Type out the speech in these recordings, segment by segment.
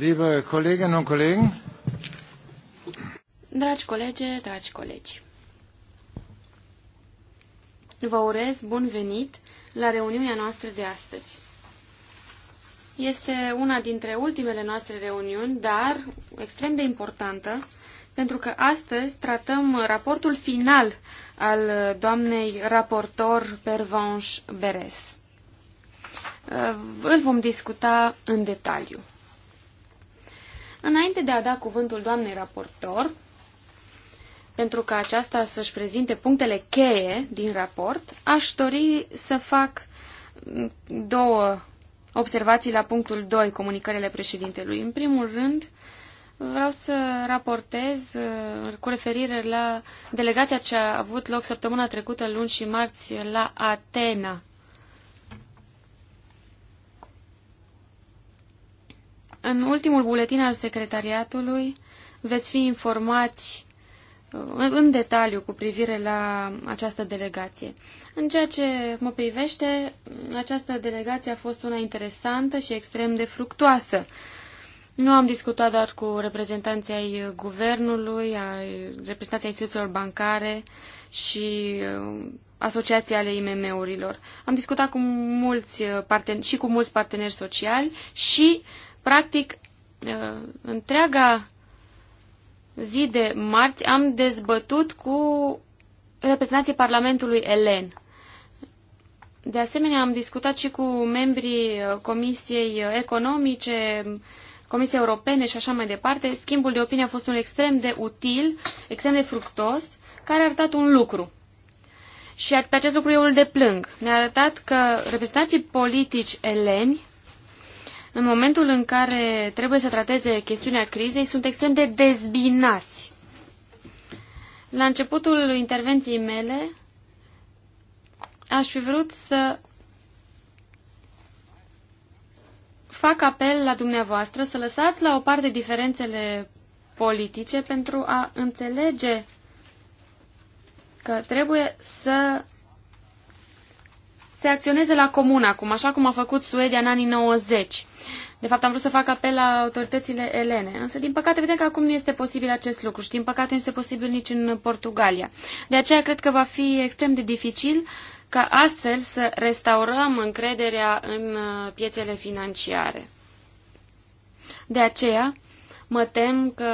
Liebe Kolleginnen und Kollegen, Dragi colege, dragi colegi, vă urez bun venit la reuniunea noastră de astăzi. Este una dintre ultimele noastre reuniuni, dar extrem de importantă, pentru că astăzi tratăm raportul final al doamnei raportor Pervenche Beres. Îl vom discuta în detaliu. Înainte de a da cuvântul doamnei raportor, pentru ca aceasta să-și prezinte punctele cheie din raport, aș dori să fac două observații la punctul 2, comunicările președintelui. În primul rând, vreau să raportez uh, cu referire la delegația ce a avut loc săptămâna trecută, luni și marți, la Atena. În ultimul buletin al secretariatului veți fi informați uh, în detaliu cu privire la această delegație. În ceea ce mă privește, această delegație a fost una interesantă și extrem de fructoasă. Nu am discutat doar cu reprezentanții ai guvernului, ai reprezentanții ai instituțiilor bancare și uh, asociații ale IMM-urilor. Am discutat cu mulți uh, parteneri, și cu mulți parteneri sociali și Practic, uh, întreaga zi de marți am dezbătut cu reprezentanții Parlamentului Elen. De asemenea, am discutat și cu membrii uh, Comisiei Economice, Comisiei Europene și așa mai departe. Schimbul de opinie a fost un extrem de util, extrem de fructos, care a arătat un lucru. Și pe acest lucru eu îl deplâng. Ne-a arătat că reprezentanții politici eleni în momentul în care trebuie să trateze chestiunea crizei, sunt extrem de dezbinați. La începutul intervenției mele, aș fi vrut să fac apel la dumneavoastră să lăsați la o parte diferențele politice pentru a înțelege că trebuie să se acționeze la comun acum, așa cum a făcut Suedia în anii 90. De fapt, am vrut să fac apel la autoritățile elene, însă, din păcate, vedem că acum nu este posibil acest lucru și, din păcate, nu este posibil nici în Portugalia. De aceea, cred că va fi extrem de dificil ca astfel să restaurăm încrederea în uh, piețele financiare. De aceea, mă tem că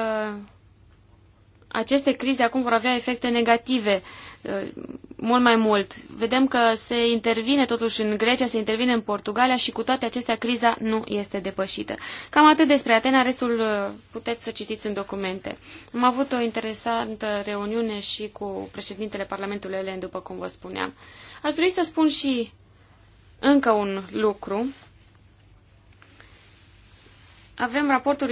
aceste crize acum vor avea efecte negative Uh, mult mai mult. Vedem că se intervine totuși în Grecia, se intervine în Portugalia și cu toate acestea criza nu este depășită. Cam atât despre Atena, restul uh, puteți să citiți în documente. Am avut o interesantă reuniune și cu președintele Parlamentului Elen, după cum vă spuneam. Aș dori să spun și încă un lucru. Avem raportul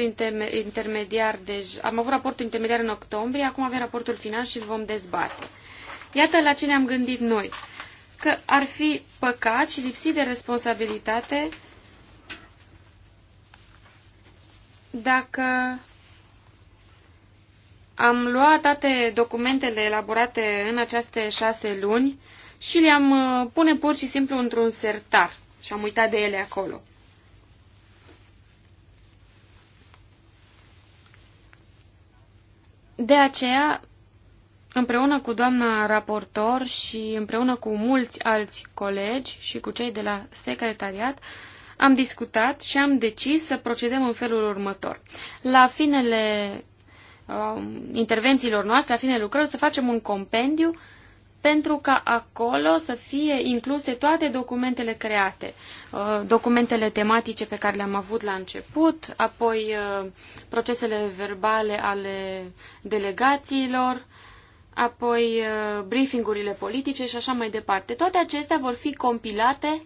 intermediar, deci am avut raportul intermediar în octombrie, acum avem raportul final și îl vom dezbate. Iată la ce ne am gândit noi. Că ar fi păcat și lipsit de responsabilitate dacă am luat toate documentele elaborate în aceste șase luni și le-am uh, pune pur și simplu într-un sertar și am uitat de ele acolo. De aceea împreună cu doamna raportor și împreună cu mulți alți colegi și cu cei de la secretariat, am discutat și am decis să procedăm în felul următor. La finele uh, intervențiilor noastre, la finele lucrări, să facem un compendiu pentru ca acolo să fie incluse toate documentele create, uh, documentele tematice pe care le-am avut la început, apoi uh, procesele verbale ale delegațiilor, apoi uh, briefingurile politice și așa mai departe. Toate acestea vor fi compilate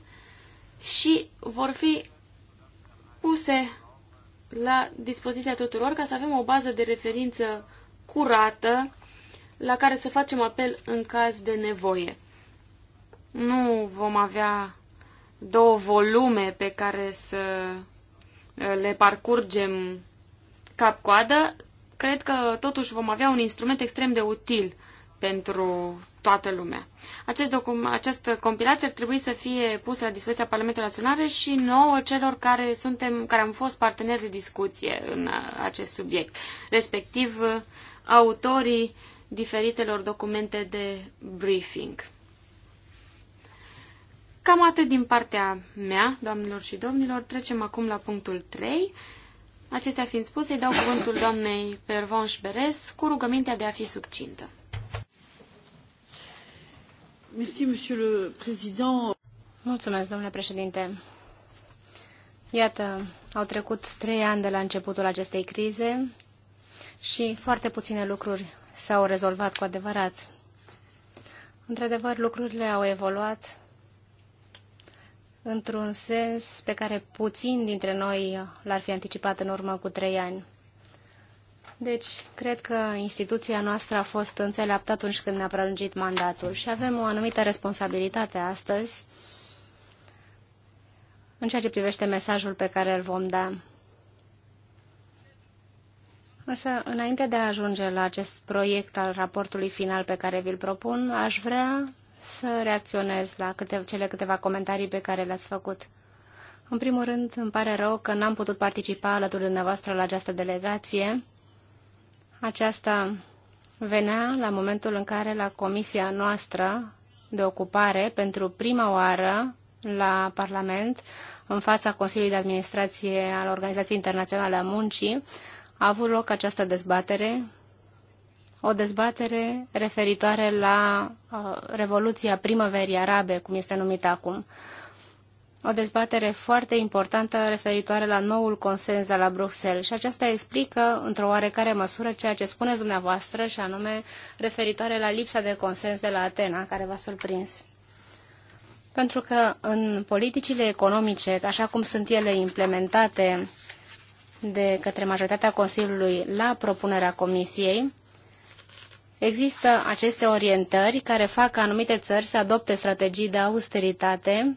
și vor fi puse la dispoziția tuturor ca să avem o bază de referință curată la care să facem apel în caz de nevoie. Nu vom avea două volume pe care să uh, le parcurgem cap-coadă, cred că totuși vom avea un instrument extrem de util pentru toată lumea. Acest docum, această compilație ar trebui să fie pusă la dispoziția Parlamentului Național și nouă celor care, suntem, care am fost parteneri de discuție în uh, acest subiect, respectiv uh, autorii diferitelor documente de briefing. Cam atât din partea mea, doamnelor și domnilor. Trecem acum la punctul 3, Acestea fiind spuse, îi dau cuvântul doamnei Pervonș Beres cu rugămintea de a fi succintă. Mulțumesc, domnule președinte. Iată, au trecut trei ani de la începutul acestei crize și foarte puține lucruri s-au rezolvat cu adevărat. Într-adevăr, lucrurile au evoluat într-un sens pe care puțin dintre noi l-ar fi anticipat în urmă cu trei ani. Deci, cred că instituția noastră a fost înțeleaptă atunci când ne-a prelungit mandatul și avem o anumită responsabilitate astăzi în ceea ce privește mesajul pe care îl vom da. Însă, înainte de a ajunge la acest proiect al raportului final pe care vi-l propun, aș vrea să reacționez la câte, cele câteva comentarii pe care le-ați făcut. În primul rând, îmi pare rău că n-am putut participa alături de dumneavoastră la această delegație. Aceasta venea la momentul în care la comisia noastră de ocupare, pentru prima oară la Parlament, în fața Consiliului de Administrație al Organizației Internaționale a Muncii, a avut loc această dezbatere o dezbatere referitoare la uh, Revoluția Primăverii Arabe, cum este numită acum. O dezbatere foarte importantă referitoare la noul consens de la Bruxelles și aceasta explică într-o oarecare măsură ceea ce spuneți dumneavoastră și anume referitoare la lipsa de consens de la Atena, care v-a surprins. Pentru că în politicile economice, așa cum sunt ele implementate de către majoritatea Consiliului la propunerea Comisiei, Există aceste orientări care fac ca anumite țări să adopte strategii de austeritate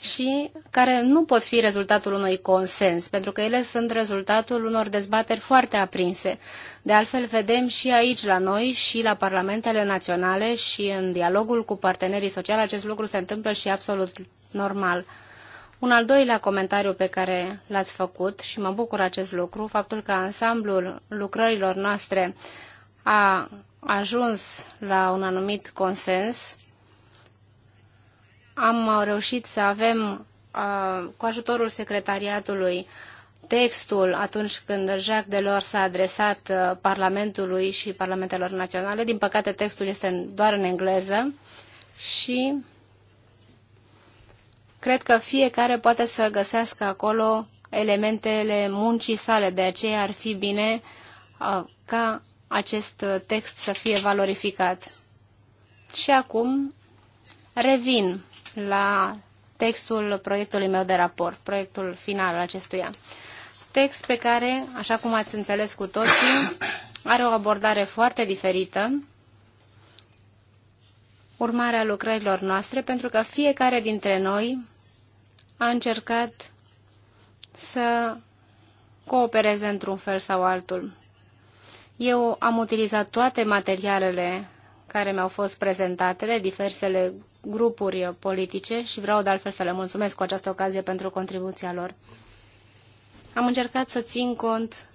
și care nu pot fi rezultatul unui consens, pentru că ele sunt rezultatul unor dezbateri foarte aprinse. De altfel, vedem și aici la noi și la parlamentele naționale și în dialogul cu partenerii sociali acest lucru se întâmplă și absolut normal. Un al doilea comentariu pe care l-ați făcut și mă bucur acest lucru, faptul că ansamblul lucrărilor noastre a ajuns la un anumit consens. Am reușit să avem, cu ajutorul secretariatului, textul atunci când Jacques Delors s-a adresat Parlamentului și Parlamentelor Naționale. Din păcate, textul este doar în engleză și cred că fiecare poate să găsească acolo elementele muncii sale. De aceea ar fi bine ca acest uh, text să fie valorificat. Și acum revin la textul proiectului meu de raport, proiectul final al acestuia. Text pe care, așa cum ați înțeles cu toții, are o abordare foarte diferită, urmarea lucrărilor noastre, pentru că fiecare dintre noi a încercat să coopereze într-un fel sau altul. Eu am utilizat toate materialele care mi-au fost prezentate de diversele grupuri politice și vreau de altfel să le mulțumesc cu această ocazie pentru contribuția lor. Am încercat să țin cont,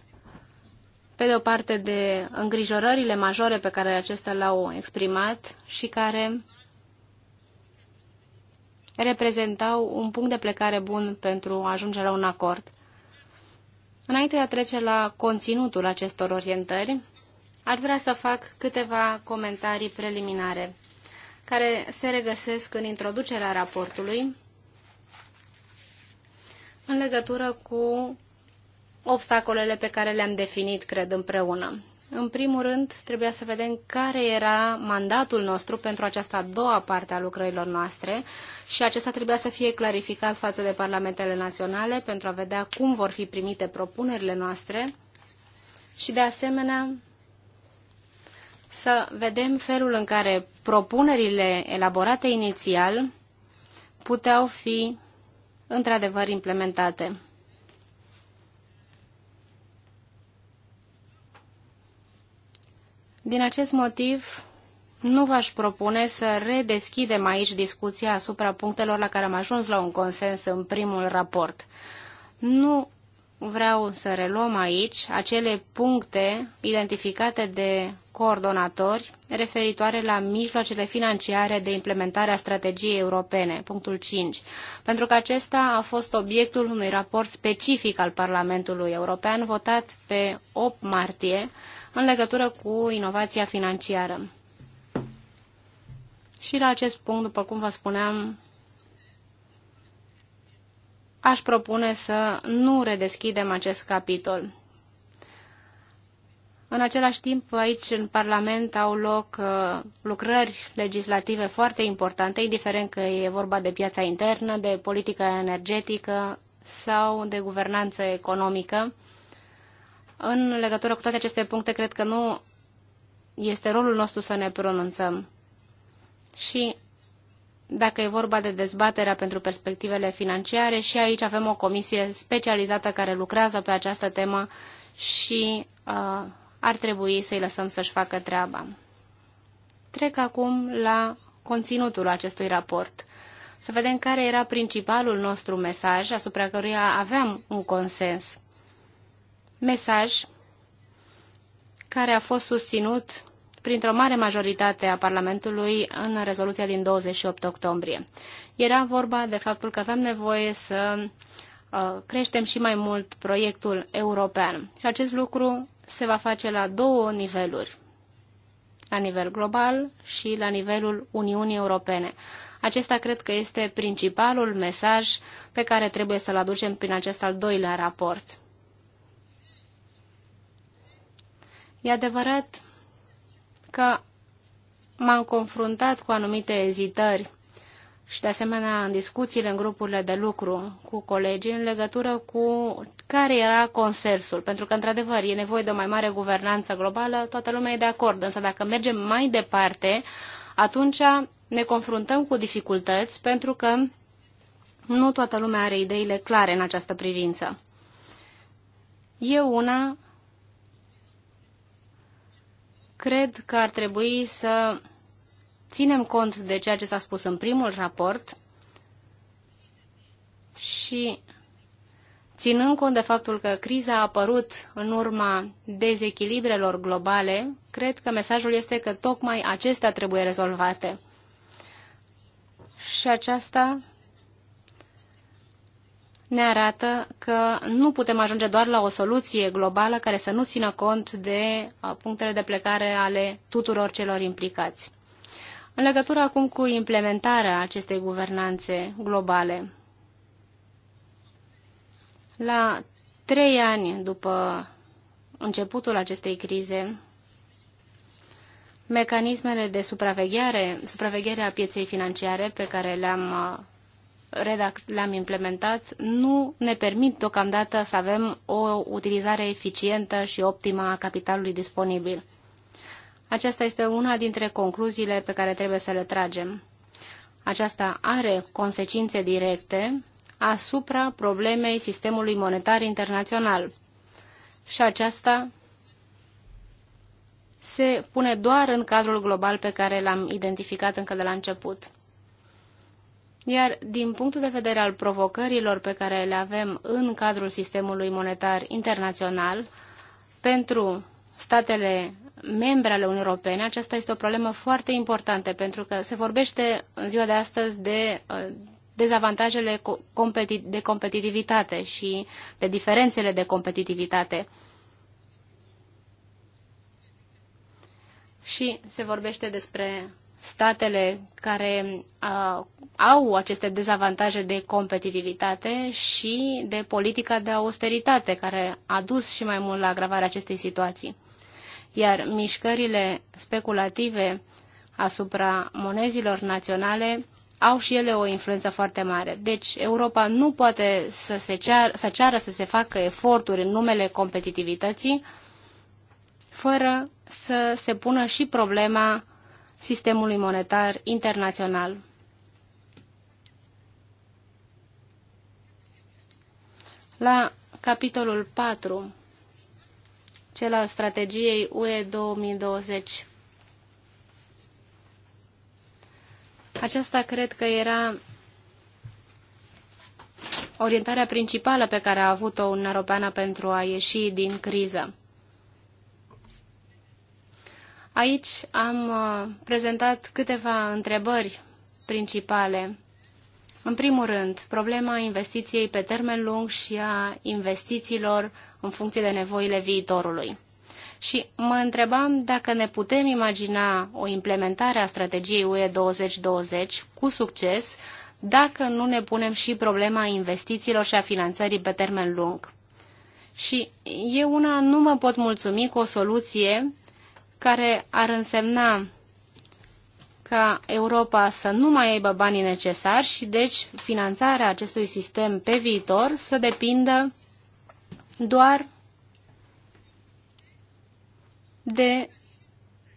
pe de o parte, de îngrijorările majore pe care acestea le-au exprimat și care reprezentau un punct de plecare bun pentru a ajunge la un acord. Înainte de a trece la conținutul acestor orientări, ar vrea să fac câteva comentarii preliminare, care se regăsesc în introducerea raportului, în legătură cu obstacolele pe care le-am definit, cred, împreună. În primul rând, trebuia să vedem care era mandatul nostru pentru această a doua parte a lucrărilor noastre și acesta trebuia să fie clarificat față de parlamentele naționale pentru a vedea cum vor fi primite propunerile noastre și, de asemenea, să vedem felul în care propunerile elaborate inițial puteau fi într-adevăr implementate. Din acest motiv, nu v-aș propune să redeschidem aici discuția asupra punctelor la care am ajuns la un consens în primul raport. Nu vreau să reluăm aici acele puncte identificate de coordonatori referitoare la mijloacele financiare de implementare a strategiei europene, punctul 5, pentru că acesta a fost obiectul unui raport specific al Parlamentului European votat pe 8 martie în legătură cu inovația financiară. Și la acest punct, după cum vă spuneam, aș propune să nu redeschidem acest capitol. În același timp, aici în Parlament au loc uh, lucrări legislative foarte importante, indiferent că e vorba de piața internă, de politică energetică sau de guvernanță economică. În legătură cu toate aceste puncte, cred că nu este rolul nostru să ne pronunțăm. Și dacă e vorba de dezbaterea pentru perspectivele financiare, și aici avem o comisie specializată care lucrează pe această temă și uh, ar trebui să-i lăsăm să-și facă treaba. Trec acum la conținutul acestui raport. Să vedem care era principalul nostru mesaj asupra căruia aveam un consens mesaj care a fost susținut printr-o mare majoritate a Parlamentului în rezoluția din 28 octombrie. Era vorba de faptul că avem nevoie să uh, creștem și mai mult proiectul european. Și acest lucru se va face la două niveluri, la nivel global și la nivelul Uniunii Europene. Acesta cred că este principalul mesaj pe care trebuie să-l aducem prin acest al doilea raport. E adevărat că m-am confruntat cu anumite ezitări și de asemenea în discuțiile în grupurile de lucru cu colegii în legătură cu care era consensul. Pentru că, într-adevăr, e nevoie de o mai mare guvernanță globală, toată lumea e de acord. Însă dacă mergem mai departe, atunci ne confruntăm cu dificultăți pentru că nu toată lumea are ideile clare în această privință. Eu una cred că ar trebui să ținem cont de ceea ce s-a spus în primul raport și ținând cont de faptul că criza a apărut în urma dezechilibrelor globale, cred că mesajul este că tocmai acestea trebuie rezolvate. Și aceasta ne arată că nu putem ajunge doar la o soluție globală care să nu țină cont de punctele de plecare ale tuturor celor implicați. În legătură acum cu implementarea acestei guvernanțe globale, la trei ani după începutul acestei crize, mecanismele de supraveghere, supraveghere a pieței financiare pe care le-am le-am implementat nu ne permit deocamdată să avem o utilizare eficientă și optimă a capitalului disponibil. Aceasta este una dintre concluziile pe care trebuie să le tragem. Aceasta are consecințe directe asupra problemei sistemului monetar internațional. Și aceasta se pune doar în cadrul global pe care l-am identificat încă de la început. Iar din punctul de vedere al provocărilor pe care le avem în cadrul sistemului monetar internațional, pentru statele membre ale Uniunii Europene, aceasta este o problemă foarte importantă, pentru că se vorbește în ziua de astăzi de uh, dezavantajele de competitivitate și de diferențele de competitivitate. Și se vorbește despre statele care uh, au aceste dezavantaje de competitivitate și de politica de austeritate, care a dus și mai mult la agravarea acestei situații. Iar mișcările speculative asupra monezilor naționale au și ele o influență foarte mare. Deci Europa nu poate să, se cear, să ceară să se facă eforturi în numele competitivității fără să se pună și problema sistemului monetar internațional. La capitolul 4, cel al strategiei UE 2020, aceasta cred că era orientarea principală pe care a avut-o Uniunea Europeană pentru a ieși din criză. Aici am uh, prezentat câteva întrebări principale. În primul rând, problema investiției pe termen lung și a investițiilor în funcție de nevoile viitorului. Și mă întrebam dacă ne putem imagina o implementare a strategiei UE 2020 cu succes dacă nu ne punem și problema investițiilor și a finanțării pe termen lung. Și eu una nu mă pot mulțumi cu o soluție care ar însemna ca Europa să nu mai aibă banii necesari și deci finanțarea acestui sistem pe viitor să depindă doar de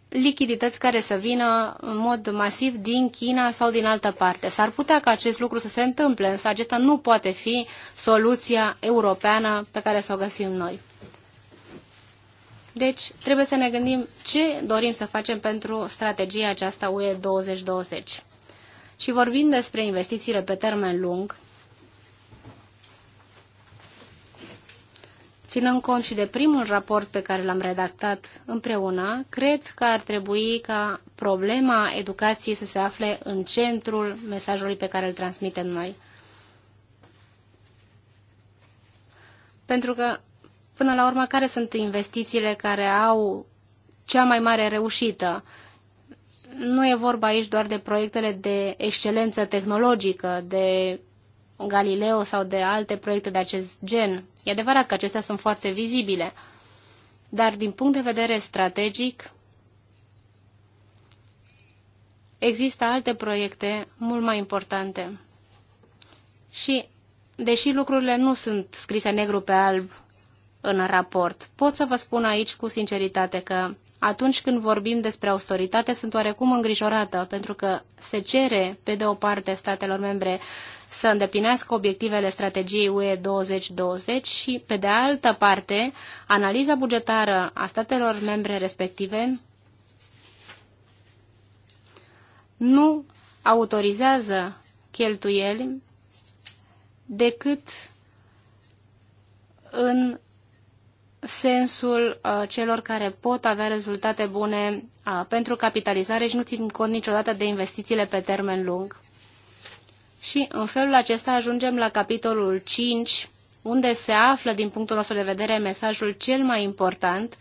lichidități care să vină în mod masiv din China sau din altă parte. S-ar putea ca acest lucru să se întâmple, însă acesta nu poate fi soluția europeană pe care să o găsim noi. Deci, trebuie să ne gândim ce dorim să facem pentru strategia aceasta UE 2020. Și vorbind despre investițiile pe termen lung, ținând cont și de primul raport pe care l-am redactat împreună, cred că ar trebui ca problema educației să se afle în centrul mesajului pe care îl transmitem noi. Pentru că Până la urmă, care sunt investițiile care au cea mai mare reușită? Nu e vorba aici doar de proiectele de excelență tehnologică, de Galileo sau de alte proiecte de acest gen. E adevărat că acestea sunt foarte vizibile, dar din punct de vedere strategic, există alte proiecte mult mai importante. Și, deși lucrurile nu sunt scrise negru pe alb în raport. Pot să vă spun aici cu sinceritate că atunci când vorbim despre austeritate sunt oarecum îngrijorată, pentru că se cere, pe de o parte, statelor membre să îndeplinească obiectivele strategiei UE 2020 și, pe de altă parte, analiza bugetară a statelor membre respective nu autorizează cheltuieli decât în sensul uh, celor care pot avea rezultate bune uh, pentru capitalizare și nu țin cont niciodată de investițiile pe termen lung. Și în felul acesta ajungem la capitolul 5, unde se află, din punctul nostru de vedere, mesajul cel mai important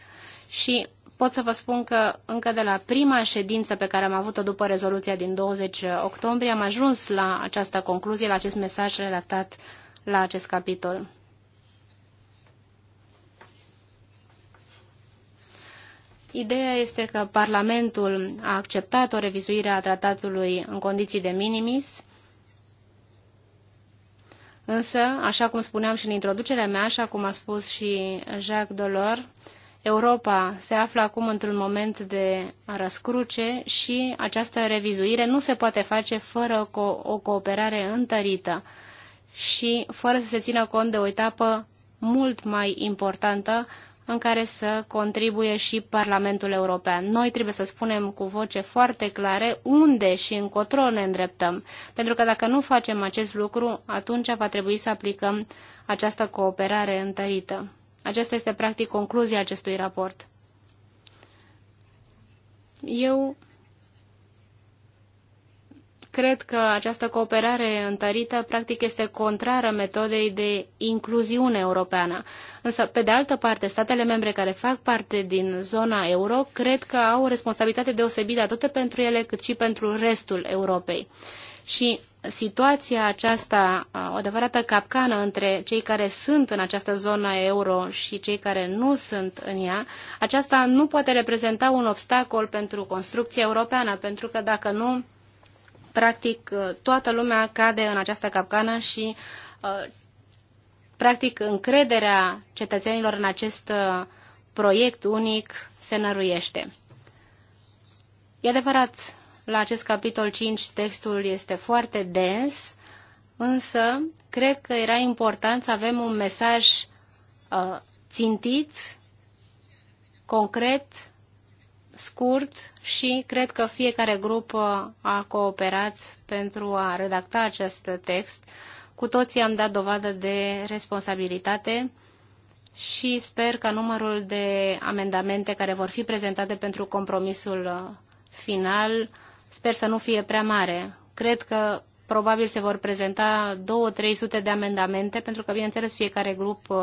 și pot să vă spun că încă de la prima ședință pe care am avut-o după rezoluția din 20 octombrie am ajuns la această concluzie, la acest mesaj redactat la acest capitol. Ideea este că Parlamentul a acceptat o revizuire a tratatului în condiții de minimis, însă, așa cum spuneam și în introducerea mea, așa cum a spus și Jacques Delors, Europa se află acum într-un moment de răscruce și această revizuire nu se poate face fără co o cooperare întărită și fără să se țină cont de o etapă mult mai importantă în care să contribuie și Parlamentul European. Noi trebuie să spunem cu voce foarte clare unde și încotro ne îndreptăm, pentru că dacă nu facem acest lucru, atunci va trebui să aplicăm această cooperare întărită. Aceasta este practic concluzia acestui raport. Eu Cred că această cooperare întărită practic este contrară metodei de incluziune europeană. Însă, pe de altă parte, statele membre care fac parte din zona euro cred că au o responsabilitate deosebită atât pentru ele cât și pentru restul Europei. Și situația aceasta, o adevărată capcană între cei care sunt în această zonă euro și cei care nu sunt în ea, aceasta nu poate reprezenta un obstacol pentru construcția europeană, pentru că dacă nu, practic uh, toată lumea cade în această capcană și uh, practic încrederea cetățenilor în acest uh, proiect unic se năruiește. E adevărat, la acest capitol 5 textul este foarte dens, însă cred că era important să avem un mesaj uh, țintit, concret scurt și cred că fiecare grup uh, a cooperat pentru a redacta acest text. Cu toții am dat dovadă de responsabilitate și sper că numărul de amendamente care vor fi prezentate pentru compromisul uh, final sper să nu fie prea mare. Cred că probabil se vor prezenta 2-300 de amendamente, pentru că, bineînțeles, fiecare grup uh,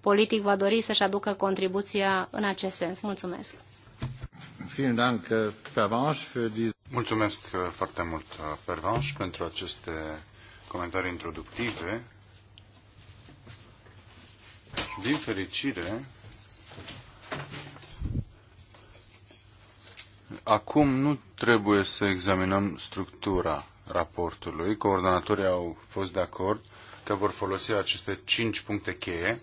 politic va dori să-și aducă contribuția în acest sens. Mulțumesc! Äh, Mulțumesc uh, foarte mult, uh, Pervanș, pentru aceste comentarii introductive. Din fericire, acum nu trebuie să examinăm structura raportului. Coordonatorii au fost de acord că vor folosi aceste cinci puncte cheie.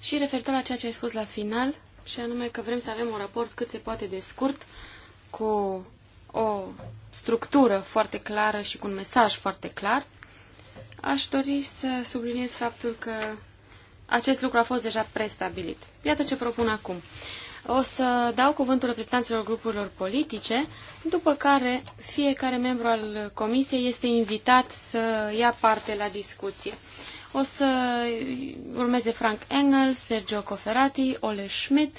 Și referitor la ceea ce ai spus la final, și anume că vrem să avem un raport cât se poate de scurt, cu o structură foarte clară și cu un mesaj foarte clar. Aș dori să subliniez faptul că acest lucru a fost deja prestabilit. Iată ce propun acum. O să dau cuvântul reprezentanților grupurilor politice, după care fiecare membru al comisiei este invitat să ia parte la discuție. O să urmeze Frank Engel, Sergio Coferati, Ole Schmidt,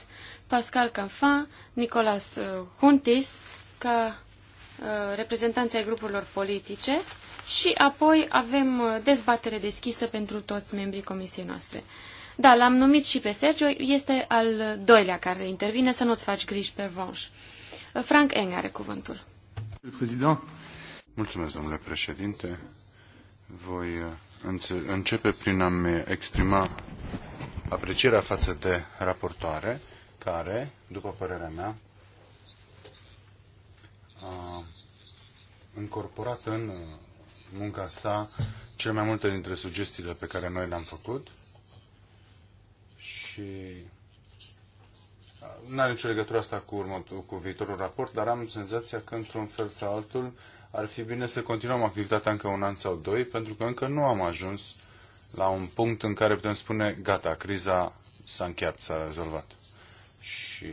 Pascal Canfin, Nicolas uh, Huntis, ca uh, reprezentanții grupurilor politice și apoi avem uh, dezbatere deschisă pentru toți membrii comisiei noastre. Da, l-am numit și pe Sergio, este al doilea care intervine, să nu-ți faci griji pe vanș. Frank Eng are cuvântul. Mulțumesc, domnule președinte. Voi începe prin a-mi exprima aprecierea față de raportoare, care, după părerea mea, a incorporat în uh, munca sa cele mai multe dintre sugestiile pe care noi le-am făcut și uh, nu are nicio legătură asta cu, următor, cu viitorul raport, dar am senzația că, într-un fel sau altul, ar fi bine să continuăm activitatea încă un an sau doi, pentru că încă nu am ajuns la un punct în care putem spune, gata, criza s-a încheiat, s-a rezolvat. Și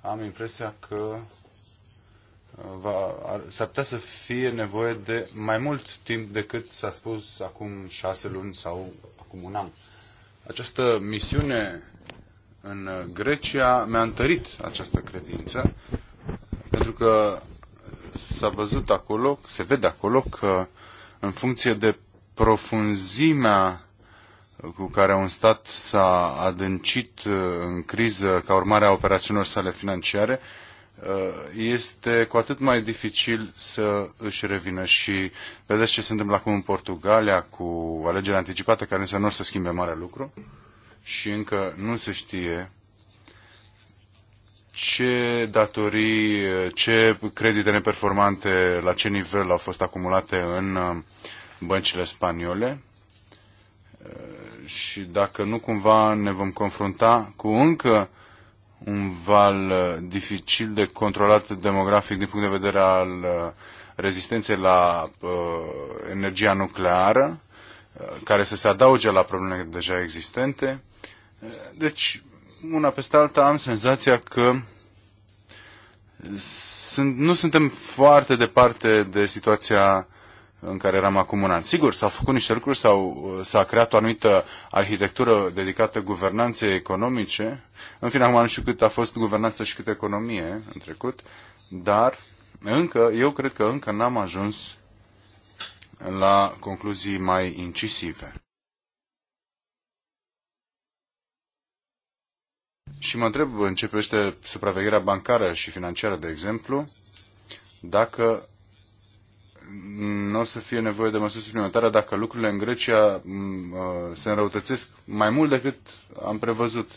am impresia că uh, va, ar, s-ar putea să fie nevoie de mai mult timp decât s-a spus acum șase luni sau acum un an. Această misiune în Grecia mi-a întărit această credință, pentru că s-a văzut acolo, se vede acolo că în funcție de profunzimea cu care un stat s-a adâncit uh, în criză ca urmare a operațiunilor sale financiare, uh, este cu atât mai dificil să își revină și vedeți ce se întâmplă acum în Portugalia cu alegerea anticipată care înseamnă nu să schimbe mare lucru și încă nu se știe ce datorii, ce credite neperformante, la ce nivel au fost acumulate în uh, băncile spaniole uh, și dacă nu cumva ne vom confrunta cu încă un val uh, dificil de controlat demografic din punct de vedere al rezistenței la uh, energia nucleară, care să se adauge la problemele deja existente. Deci, una peste alta am senzația că sunt, nu suntem foarte departe de situația în care eram acum un an. Sigur, s-au făcut niște lucruri, s-au, s-a creat o anumită arhitectură dedicată guvernanței economice. În fine, acum nu știu cât a fost guvernanță și cât economie în trecut, dar încă, eu cred că încă n-am ajuns la concluzii mai incisive. Și mă întreb în ce privește supravegherea bancară și financiară, de exemplu, dacă nu o să fie nevoie de măsuri suplimentare dacă lucrurile în Grecia uh, se înrăutățesc mai mult decât am prevăzut.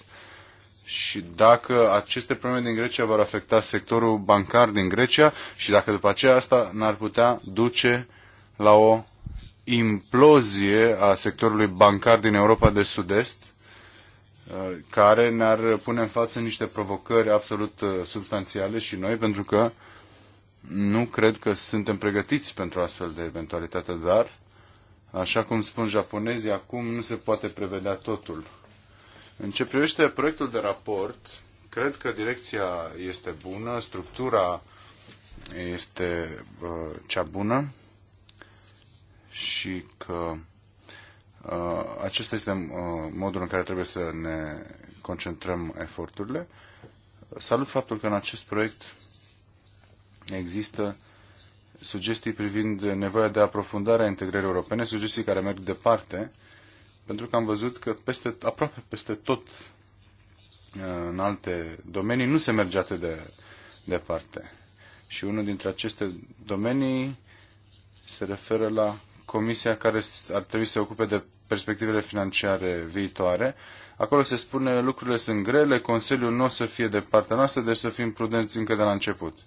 Și dacă aceste probleme din Grecia vor afecta sectorul bancar din Grecia și dacă după aceea asta n-ar putea duce la o implozie a sectorului bancar din Europa de Sud-Est, care ne-ar pune în față niște provocări absolut uh, substanțiale și noi, pentru că nu cred că suntem pregătiți pentru astfel de eventualitate, dar, așa cum spun japonezii, acum nu se poate prevedea totul. În ce privește proiectul de raport, cred că direcția este bună, structura este uh, cea bună și că Uh, acesta este uh, modul în care trebuie să ne concentrăm eforturile. Salut faptul că în acest proiect există sugestii privind nevoia de aprofundare a integrării europene, sugestii care merg departe, pentru că am văzut că peste, aproape peste tot uh, în alte domenii nu se merge atât de departe. Și unul dintre aceste domenii se referă la comisia care ar trebui să se ocupe de perspectivele financiare viitoare. Acolo se spune lucrurile sunt grele, Consiliul nu o să fie de partea noastră, deci să fim prudenți încă de la început.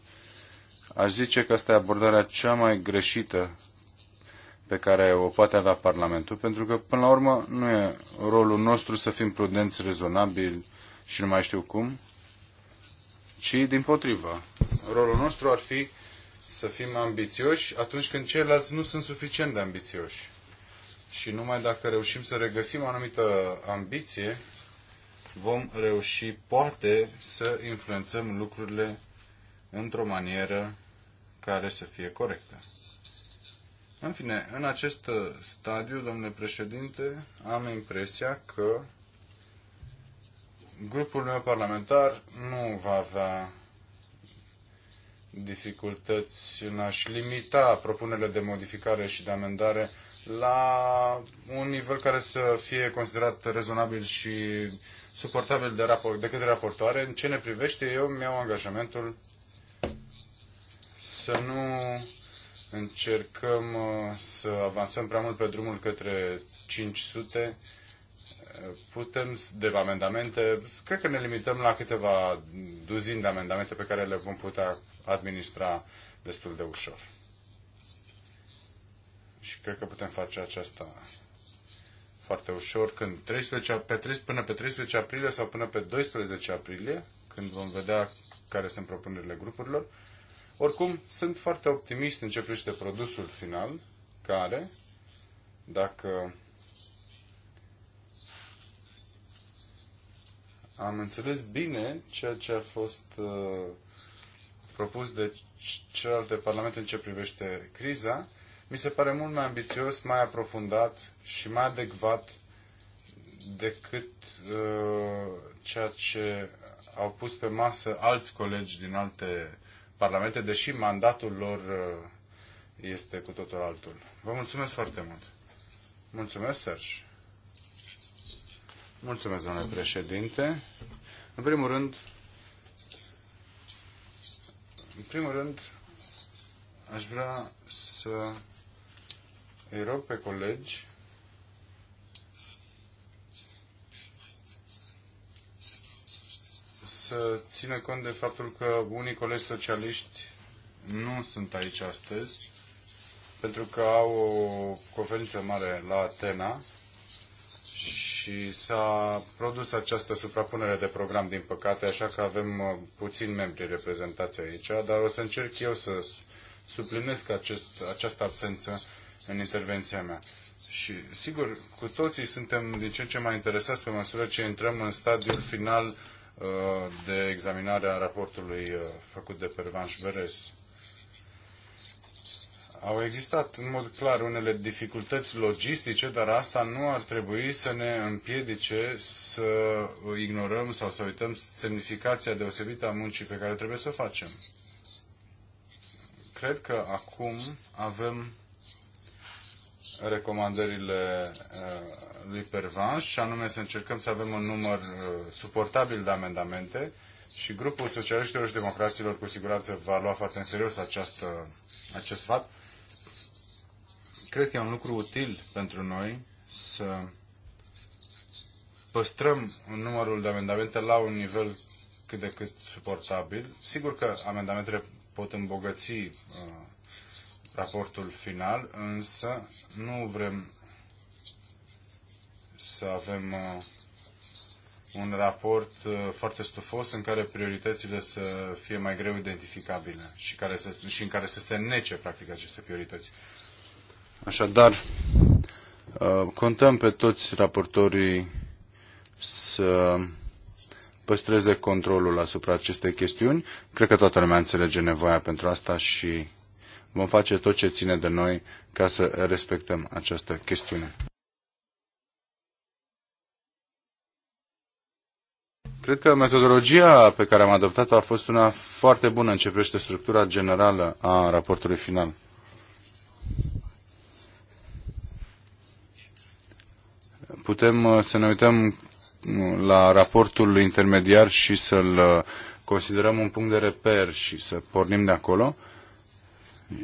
Aș zice că asta e abordarea cea mai greșită pe care o poate avea Parlamentul, pentru că, până la urmă, nu e rolul nostru să fim prudenți, rezonabili și nu mai știu cum, ci din potrivă. Rolul nostru ar fi să fim ambițioși atunci când ceilalți nu sunt suficient de ambițioși. Și numai dacă reușim să regăsim o anumită ambiție, vom reuși, poate, să influențăm lucrurile într-o manieră care să fie corectă. În fine, în acest stadiu, domnule președinte, am impresia că grupul meu parlamentar nu va avea dificultăți în a-și limita propunerile de modificare și de amendare la un nivel care să fie considerat rezonabil și suportabil de, raport, de către raportoare. În ce ne privește, eu mi-au angajamentul să nu încercăm uh, să avansăm prea mult pe drumul către 500, putem, de amendamente, cred că ne limităm la câteva duzini de amendamente pe care le vom putea administra destul de ușor. Și cred că putem face aceasta foarte ușor când 13, pe 13, până pe 13 aprilie sau până pe 12 aprilie, când vom vedea care sunt propunerile grupurilor. Oricum, sunt foarte optimist în ce privește produsul final, care, dacă am înțeles bine ceea ce a fost uh, propus de celelalte parlamente în ce privește criza, mi se pare mult mai ambițios, mai aprofundat și mai adecvat decât uh, ceea ce au pus pe masă alți colegi din alte parlamente, deși mandatul lor uh, este cu totul altul. Vă mulțumesc foarte mult. Mulțumesc, Serge. Mulțumesc, domnule președinte. În primul rând, în primul rând, aș vrea să îi rog pe colegi să țină cont de faptul că unii colegi socialiști nu sunt aici astăzi pentru că au o conferință mare la Atena și s-a produs această suprapunere de program, din păcate, așa că avem uh, puțini membri reprezentați aici, dar o să încerc eu să suplinesc acest, această absență în intervenția mea. Și, sigur, cu toții suntem din ce în ce mai interesați pe măsură ce intrăm în stadiul final uh, de examinare a raportului uh, făcut de Pervanș Beres. Au existat în mod clar unele dificultăți logistice, dar asta nu ar trebui să ne împiedice să ignorăm sau să uităm semnificația deosebită a muncii pe care trebuie să o facem. Cred că acum avem recomandările uh, lui Pervan și anume să încercăm să avem un număr uh, suportabil de amendamente și grupul socialiștilor și democraților cu siguranță va lua foarte în serios această, acest fapt cred că e un lucru util pentru noi să păstrăm numărul de amendamente la un nivel cât de cât suportabil. Sigur că amendamentele pot îmbogăți uh, raportul final, însă nu vrem să avem uh, un raport uh, foarte stufos în care prioritățile să fie mai greu identificabile și, care să, și în care să se nece, practic, aceste priorități. Așadar, uh, contăm pe toți raportorii să păstreze controlul asupra acestei chestiuni. Cred că toată lumea înțelege nevoia pentru asta și vom face tot ce ține de noi ca să respectăm această chestiune. Cred că metodologia pe care am adoptat-o a fost una foarte bună în ce structura generală a raportului final. putem uh, să ne uităm uh, la raportul intermediar și să-l uh, considerăm un punct de reper și să pornim de acolo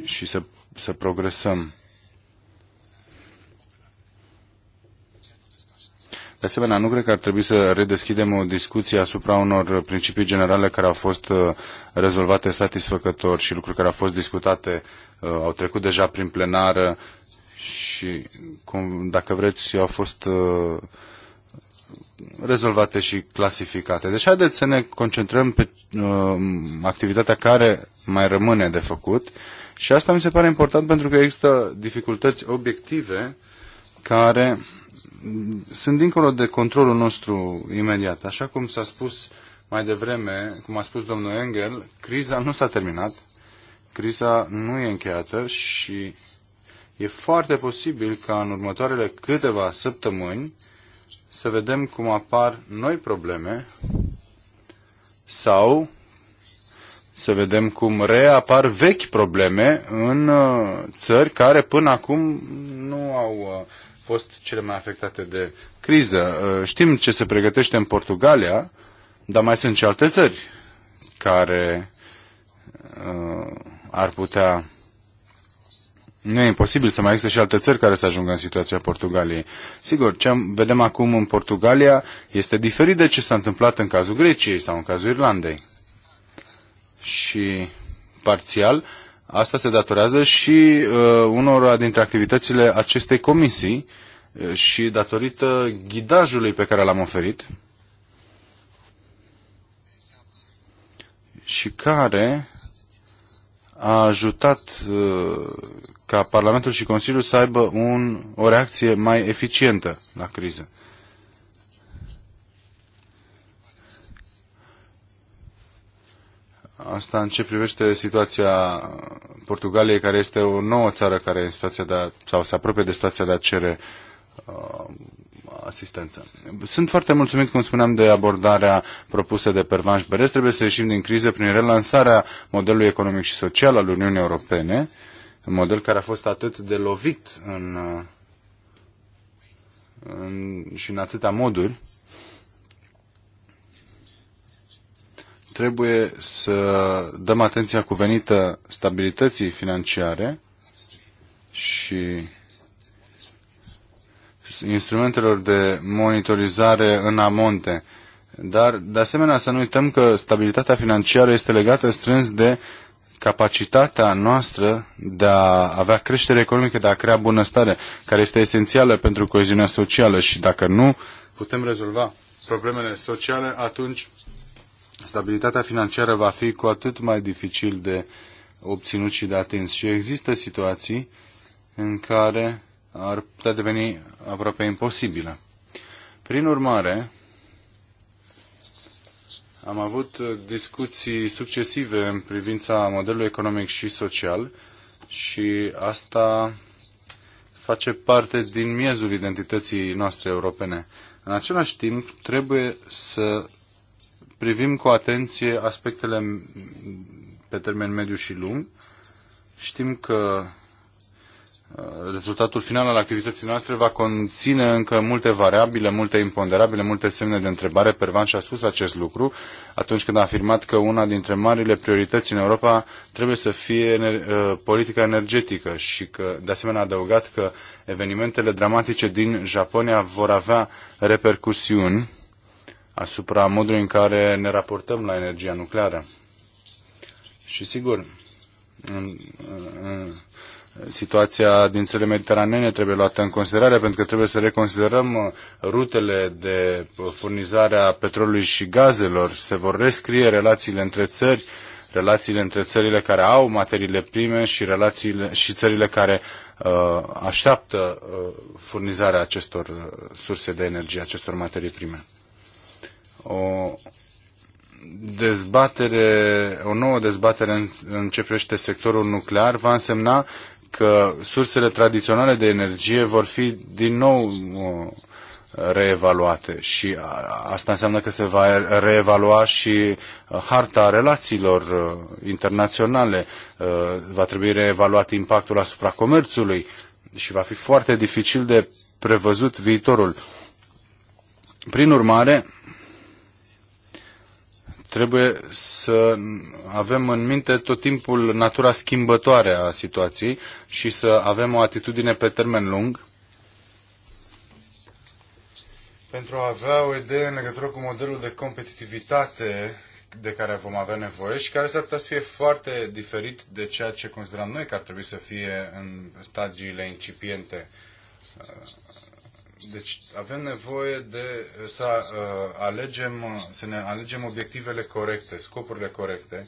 și să, să progresăm. De asemenea, nu cred că ar trebui să redeschidem o discuție asupra unor principii generale care au fost rezolvate satisfăcător și lucruri care au fost discutate, au trecut deja prin plenară și, cum, dacă vreți, au fost uh, rezolvate și clasificate. Deci haideți să ne concentrăm pe uh, activitatea care mai rămâne de făcut și asta mi se pare important pentru că există dificultăți obiective care sunt dincolo de controlul nostru imediat. Așa cum s-a spus mai devreme, cum a spus domnul Engel, criza nu s-a terminat, criza nu e încheiată și E foarte posibil ca în următoarele câteva săptămâni să vedem cum apar noi probleme sau să vedem cum reapar vechi probleme în uh, țări care până acum nu au uh, fost cele mai afectate de criză. Uh, știm ce se pregătește în Portugalia, dar mai sunt și alte țări care ar putea nu e imposibil să mai există și alte țări care să ajungă în situația Portugaliei. Sigur, ce vedem acum în Portugalia este diferit de ce s-a întâmplat în cazul Greciei sau în cazul Irlandei. Și parțial, asta se datorează și uh, unora dintre activitățile acestei comisii uh, și datorită ghidajului pe care l-am oferit și care a ajutat uh, ca Parlamentul și Consiliul să aibă un, o reacție mai eficientă la criză. Asta în ce privește situația Portugaliei, care este o nouă țară care în situația de a, sau se apropie de situația de a cere uh, asistență. Sunt foarte mulțumit, cum spuneam, de abordarea propusă de Pervanș Berez. Trebuie să ieșim din criză prin relansarea modelului economic și social al Uniunii Europene un model care a fost atât de lovit în, în, și în atâtea moduri, trebuie să dăm atenția cuvenită stabilității financiare și instrumentelor de monitorizare în amonte. Dar, de asemenea, să nu uităm că stabilitatea financiară este legată strâns de capacitatea noastră de a avea creștere economică, de a crea bunăstare, care este esențială pentru coeziunea socială și dacă nu putem rezolva problemele sociale, atunci stabilitatea financiară va fi cu atât mai dificil de obținut și de atins. Și există situații în care ar putea deveni aproape imposibilă. Prin urmare, am avut uh, discuții succesive în privința modelului economic și social și asta face parte din miezul identității noastre europene. În același timp, trebuie să privim cu atenție aspectele pe termen mediu și lung. Știm că Uh, rezultatul final al activității noastre va conține încă multe variabile, multe imponderabile, multe semne de întrebare. Pervan și-a spus acest lucru atunci când a afirmat că una dintre marile priorități în Europa trebuie să fie ener uh, politica energetică și că, de asemenea, a adăugat că evenimentele dramatice din Japonia vor avea repercusiuni asupra modului în care ne raportăm la energia nucleară. Și sigur, în, în, situația din țările mediteranene trebuie luată în considerare pentru că trebuie să reconsiderăm uh, rutele de uh, furnizare a petrolului și gazelor. Se vor rescrie relațiile între țări, relațiile între țările care au materiile prime și, relațiile, și țările care uh, așteaptă uh, furnizarea acestor uh, surse de energie, acestor materii prime. O dezbatere, o nouă dezbatere în, în ce sectorul nuclear va însemna că sursele tradiționale de energie vor fi din nou uh, reevaluate și asta înseamnă că se va reevalua și uh, harta relațiilor uh, internaționale, va trebui reevaluat impactul asupra comerțului și va fi foarte dificil de prevăzut viitorul. Prin urmare, trebuie să avem în minte tot timpul natura schimbătoare a situației și să avem o atitudine pe termen lung pentru a avea o idee în legătură cu modelul de competitivitate de care vom avea nevoie și care s-ar putea să fie foarte diferit de ceea ce considerăm noi că ar trebui să fie în stadiile incipiente deci avem nevoie de eh, să eh, alegem, eh, să ne alegem obiectivele corecte, scopurile corecte.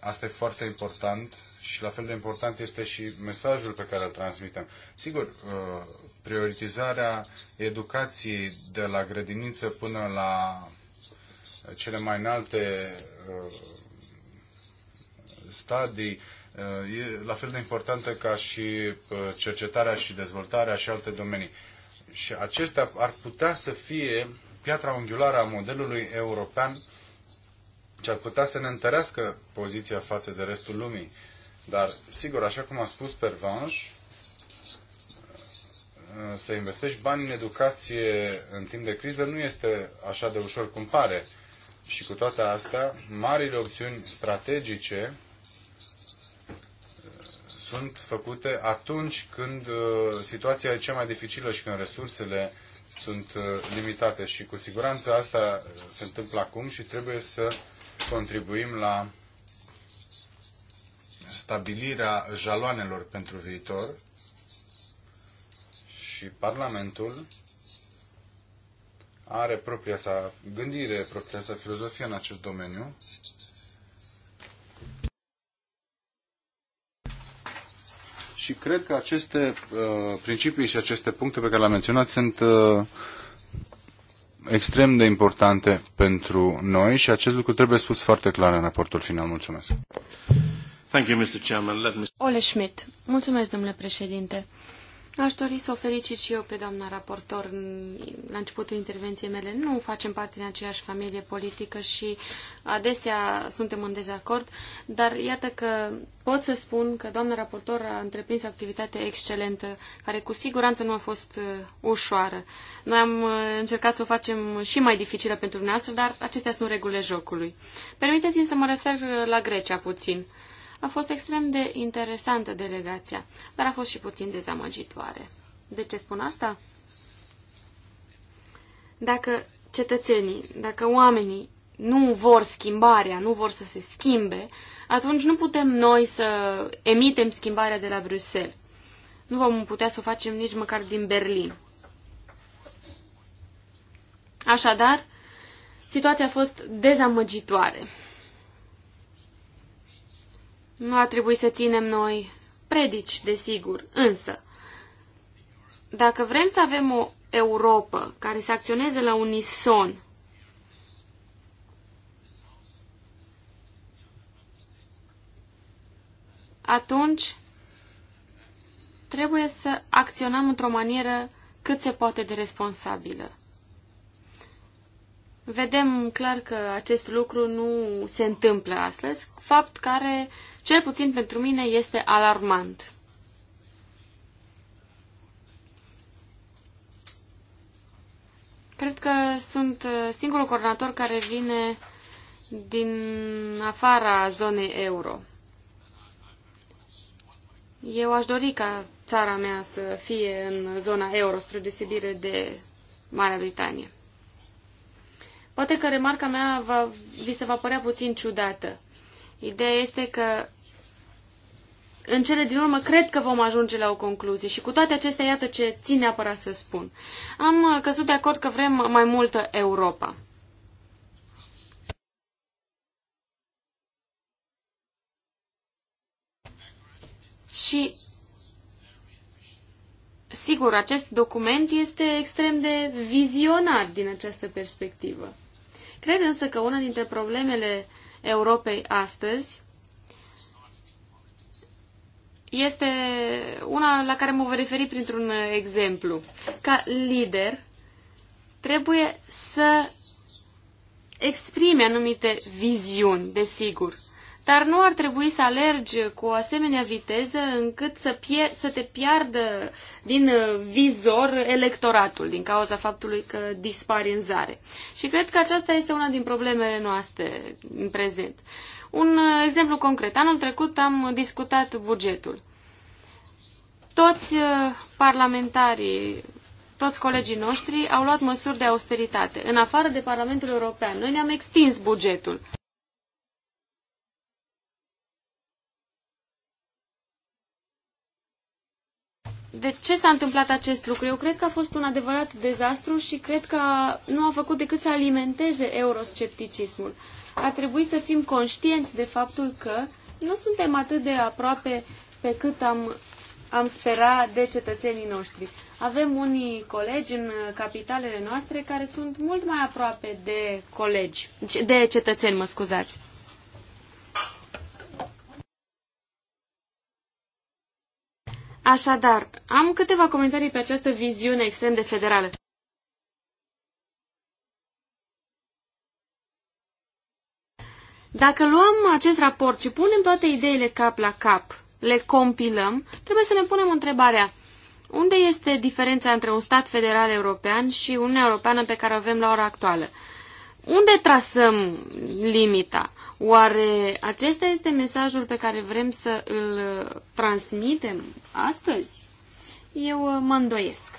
Asta e foarte important și la fel de important este și mesajul pe care îl transmitem. Sigur, prioritizarea educației de la grădiniță până la cele mai înalte stadii e la fel de importantă ca și cercetarea și dezvoltarea și alte domenii și acestea ar putea să fie piatra unghiulară a modelului european ce ar putea să ne întărească poziția față de restul lumii. Dar, sigur, așa cum a spus Pervanș, să investești bani în educație în timp de criză nu este așa de ușor cum pare. Și cu toate astea, marile opțiuni strategice sunt făcute atunci când uh, situația e cea mai dificilă și când resursele sunt uh, limitate și cu siguranță asta uh, se întâmplă acum și trebuie să contribuim la stabilirea jaloanelor pentru viitor și Parlamentul are propria sa gândire, propria sa filozofie în acest domeniu și cred că aceste uh, principii și aceste puncte pe care le-am menționat sunt uh, extrem de importante pentru noi și acest lucru trebuie spus foarte clar în raportul final. Mulțumesc. Thank you, Mr. Chairman. Let me... Ole Schmidt. Mulțumesc, domnule președinte. Aș dori să o felicit și eu pe doamna raportor la începutul intervenției mele. Nu facem parte din aceeași familie politică și adesea suntem în dezacord, dar iată că pot să spun că doamna raportor a întreprins o activitate excelentă, care cu siguranță nu a fost uh, ușoară. Noi am uh, încercat să o facem și mai dificilă pentru dumneavoastră, dar acestea sunt regulile jocului. Permiteți-mi să mă refer la Grecia puțin. A fost extrem de interesantă delegația, dar a fost și puțin dezamăgitoare. De ce spun asta? Dacă cetățenii, dacă oamenii nu vor schimbarea, nu vor să se schimbe, atunci nu putem noi să emitem schimbarea de la Bruxelles. Nu vom putea să o facem nici măcar din Berlin. Așadar, situația a fost dezamăgitoare. Nu a trebuit să ținem noi predici, desigur, însă, dacă vrem să avem o Europa care să acționeze la unison, atunci trebuie să acționăm într-o manieră cât se poate de responsabilă. Vedem clar că acest lucru nu se întâmplă astăzi, fapt care cel puțin pentru mine, este alarmant. Cred că sunt uh, singurul coordonator care vine din afara zonei euro. Eu aș dori ca țara mea să fie în zona euro, spre desibire de Marea Britanie. Poate că remarca mea va, vi se va părea puțin ciudată. Ideea este că în cele din urmă cred că vom ajunge la o concluzie și cu toate acestea iată ce țin neapărat să spun. Am uh, căzut de acord că vrem mai multă Europa. Și sigur, acest document este extrem de vizionar din această perspectivă. Cred însă că una dintre problemele uh, Europei astăzi este una la care mă voi referi printr-un exemplu. Ca lider, trebuie să exprime anumite viziuni, desigur dar nu ar trebui să alergi cu o asemenea viteză încât să, pier- să te piardă din uh, vizor electoratul din cauza faptului că dispari în zare. Și cred că aceasta este una din problemele noastre în prezent. Un uh, exemplu concret. Anul trecut am discutat bugetul. Toți uh, parlamentarii toți colegii noștri au luat măsuri de austeritate. În afară de Parlamentul European, noi ne-am extins bugetul. De ce s-a întâmplat acest lucru? Eu cred că a fost un adevărat dezastru și cred că nu a făcut decât să alimenteze euroscepticismul. A trebuit să fim conștienți de faptul că nu suntem atât de aproape pe cât am, am spera de cetățenii noștri. Avem unii colegi în capitalele noastre care sunt mult mai aproape de colegi, de cetățeni, mă scuzați. Așadar, am câteva comentarii pe această viziune extrem de federală. Dacă luăm acest raport și punem toate ideile cap la cap, le compilăm, trebuie să ne punem întrebarea unde este diferența între un stat federal european și Uniunea Europeană pe care o avem la ora actuală? Unde trasăm limita? Oare acesta este mesajul pe care vrem să îl transmitem astăzi? Eu uh, mă îndoiesc.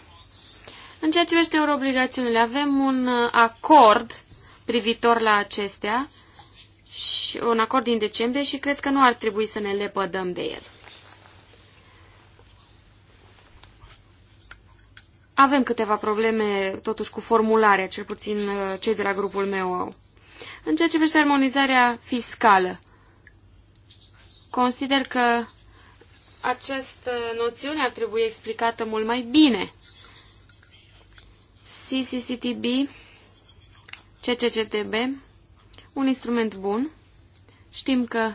În ceea ce vește obligațiunile, avem un uh, acord privitor la acestea, și un acord din decembrie și cred că nu ar trebui să ne lepădăm de el. Avem câteva probleme, totuși, cu formularea, cel puțin uh, cei de la grupul meu au. În ceea ce privește armonizarea fiscală, consider că această noțiune ar trebui explicată mult mai bine. CCCTB, CCCTB, un instrument bun. Știm că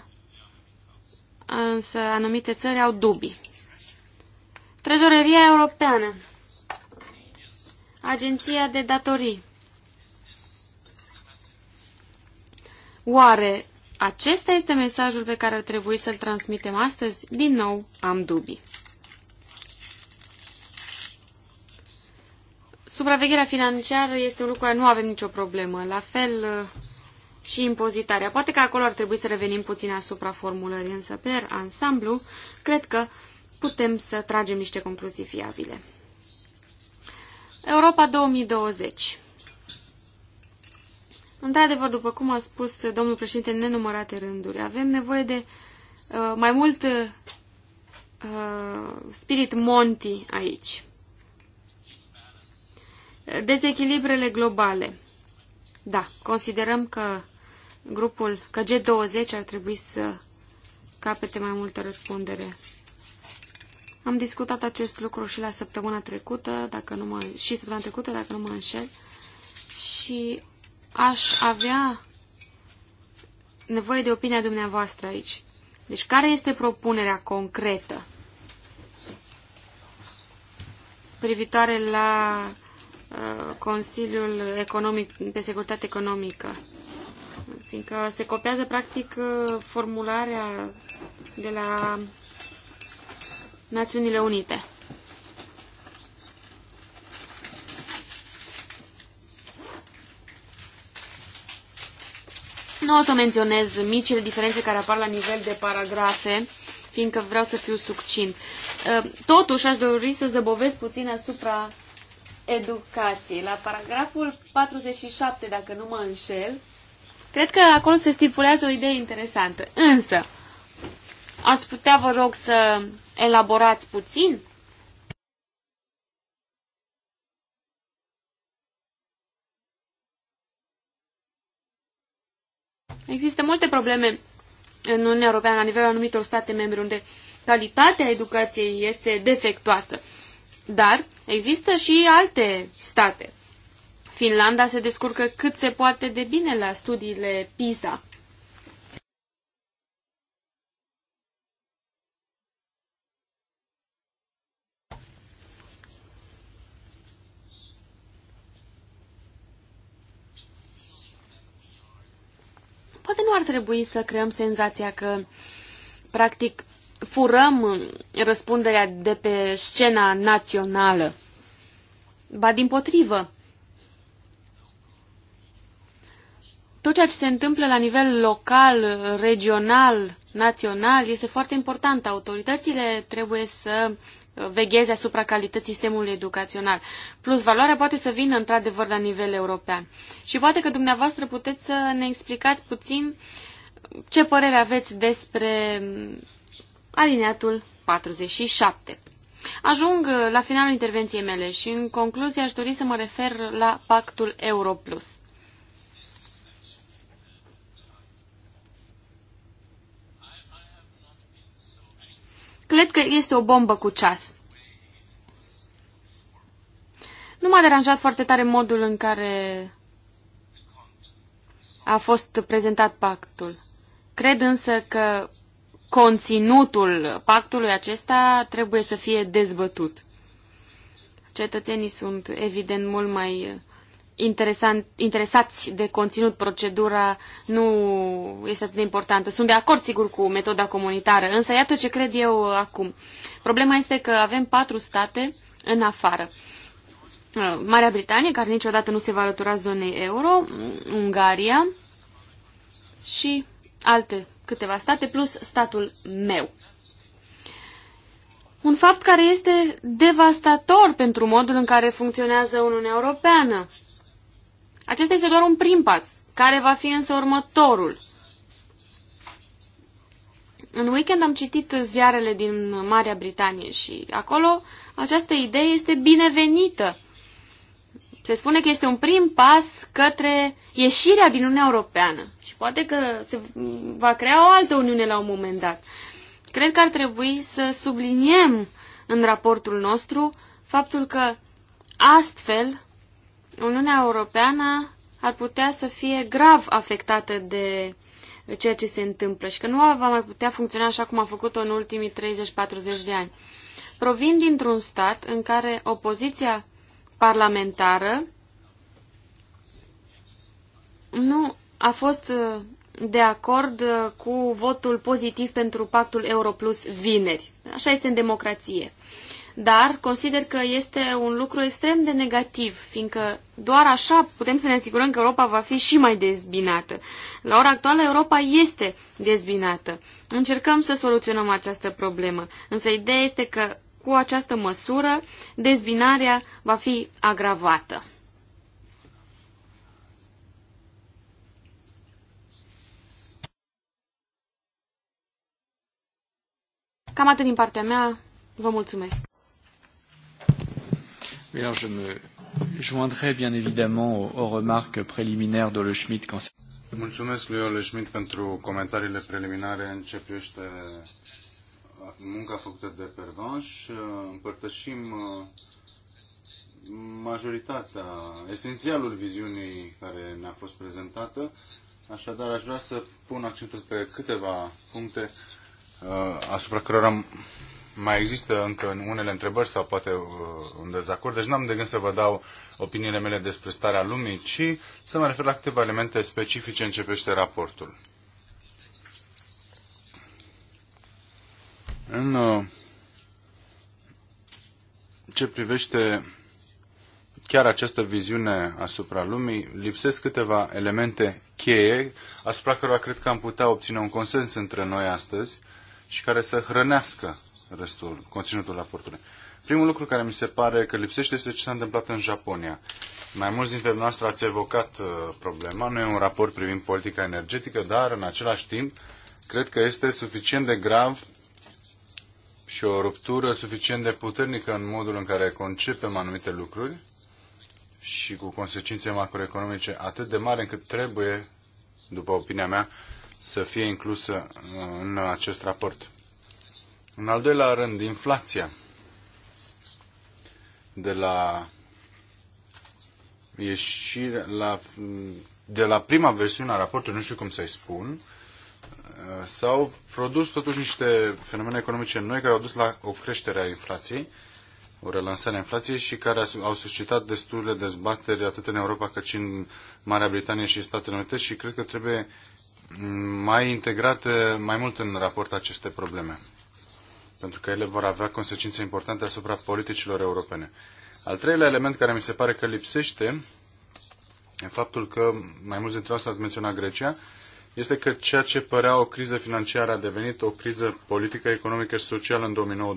însă anumite țări au dubii. Trezoreria europeană agenția de datorii. Oare acesta este mesajul pe care ar trebui să-l transmitem astăzi? Din nou, am dubii. Supravegherea financiară este un lucru care nu avem nicio problemă. La fel uh, și impozitarea. Poate că acolo ar trebui să revenim puțin asupra formulării, însă pe ansamblu, cred că putem să tragem niște concluzii fiabile. Europa 2020. Într-adevăr, după cum a spus domnul președinte în nenumărate rânduri, avem nevoie de uh, mai mult uh, spirit Monti aici. Dezechilibrele globale. Da, considerăm că grupul, că G20 ar trebui să capete mai multă răspundere. Am discutat acest lucru și la săptămâna trecută, dacă nu mă, și săptămâna trecută, dacă nu mă înșel, și aș avea nevoie de opinia dumneavoastră aici. Deci, care este propunerea concretă privitoare la uh, Consiliul Economic, pe Securitate Economică? Fiindcă se copiază, practic, uh, formularea de la Națiunile Unite. Nu o să menționez micile diferențe care apar la nivel de paragrafe, fiindcă vreau să fiu succint. Ă, totuși, aș dori să zăbovesc puțin asupra educației. La paragraful 47, dacă nu mă înșel, cred că acolo se stipulează o idee interesantă. Însă, ați putea, vă rog, să elaborați puțin? Există multe probleme în Uniunea Europeană la nivelul anumitor state membre unde calitatea educației este defectuoasă. Dar există și alte state. Finlanda se descurcă cât se poate de bine la studiile PISA. poate nu ar trebui să creăm senzația că, practic, furăm răspunderea de pe scena națională. Ba din potrivă, tot ceea ce se întâmplă la nivel local, regional, național este foarte important. Autoritățile trebuie să vegheze asupra calității sistemului educațional. Plus, valoarea poate să vină într-adevăr la nivel european. Și poate că dumneavoastră puteți să ne explicați puțin ce părere aveți despre alineatul 47. Ajung la finalul intervenției mele și în concluzie aș dori să mă refer la pactul Euro Plus. Cred că este o bombă cu ceas. Nu m-a deranjat foarte tare modul în care a fost prezentat pactul. Cred însă că conținutul pactului acesta trebuie să fie dezbătut. Cetățenii sunt, evident, mult mai interesant, interesați de conținut, procedura nu este atât de importantă. Sunt de acord, sigur, cu metoda comunitară, însă iată ce cred eu acum. Problema este că avem patru state în afară. Marea Britanie, care niciodată nu se va alătura zonei euro, Ungaria și alte câteva state, plus statul meu. Un fapt care este devastator pentru modul în care funcționează Uniunea Europeană. Acesta este doar un prim pas, care va fi însă următorul. În weekend am citit ziarele din Marea Britanie și acolo această idee este binevenită. Se spune că este un prim pas către ieșirea din Uniunea Europeană și poate că se va crea o altă Uniune la un moment dat. Cred că ar trebui să subliniem în raportul nostru faptul că astfel Uniunea Europeană ar putea să fie grav afectată de ceea ce se întâmplă și că nu va mai putea funcționa așa cum a făcut-o în ultimii 30-40 de ani. Provin dintr-un stat în care opoziția parlamentară nu a fost uh, de acord uh, cu votul pozitiv pentru pactul Euro Plus vineri. Așa este în democrație. Uh, dar consider că este un lucru extrem de negativ, fiindcă doar așa putem să ne asigurăm că Europa va fi și mai dezbinată. La ora actuală Europa este dezbinată. Încercăm să soluționăm această problemă, însă ideea este că cu această măsură dezbinarea va fi agravată. Cam atât din partea mea. Vă mulțumesc! Et alors je me joindrai bien évidemment aux, aux remarques préliminaires d'Ole Schmidt concernant. Mulțumesc lui Ole Schmidt pentru comentariile preliminare în ce privește uh, munca făcută de Pervanș. Uh, împărtășim uh, majoritatea, esențialul viziunii care ne-a fost prezentată. Așadar, aș vrea să pun accentul pe câteva puncte asupra cărora am mai există încă unele întrebări sau poate uh, un dezacord, deci n-am de gând să vă dau opiniile mele despre starea lumii, ci să mă refer la câteva elemente specifice în ce privește raportul. În uh, ce privește chiar această viziune asupra lumii, lipsesc câteva elemente cheie asupra cărora cred că am putea obține un consens între noi astăzi și care să hrănească restul, conținutul raportului. Primul lucru care mi se pare că lipsește este ce s-a întâmplat în Japonia. Mai mulți dintre noastre ați evocat uh, problema. Nu e un raport privind politica energetică, dar în același timp cred că este suficient de grav și o ruptură suficient de puternică în modul în care concepem anumite lucruri și cu consecințe macroeconomice atât de mare încât trebuie, după opinia mea, să fie inclusă uh, în acest raport. În al doilea rând, inflația. De la ieșire, la, de la prima versiune a raportului, nu știu cum să-i spun, uh, s-au produs totuși niște fenomene economice noi care au dus la o creștere a inflației, o relansare a inflației și care au suscitat destule dezbateri atât în Europa cât și în Marea Britanie și Statele Unite și cred că trebuie mai integrate mai mult în raport aceste probleme pentru că ele vor avea consecințe importante asupra politicilor europene. Al treilea element care mi se pare că lipsește în faptul că, mai mulți dintre noastre ați menționat Grecia, este că ceea ce părea o criză financiară a devenit o criză politică, economică și socială în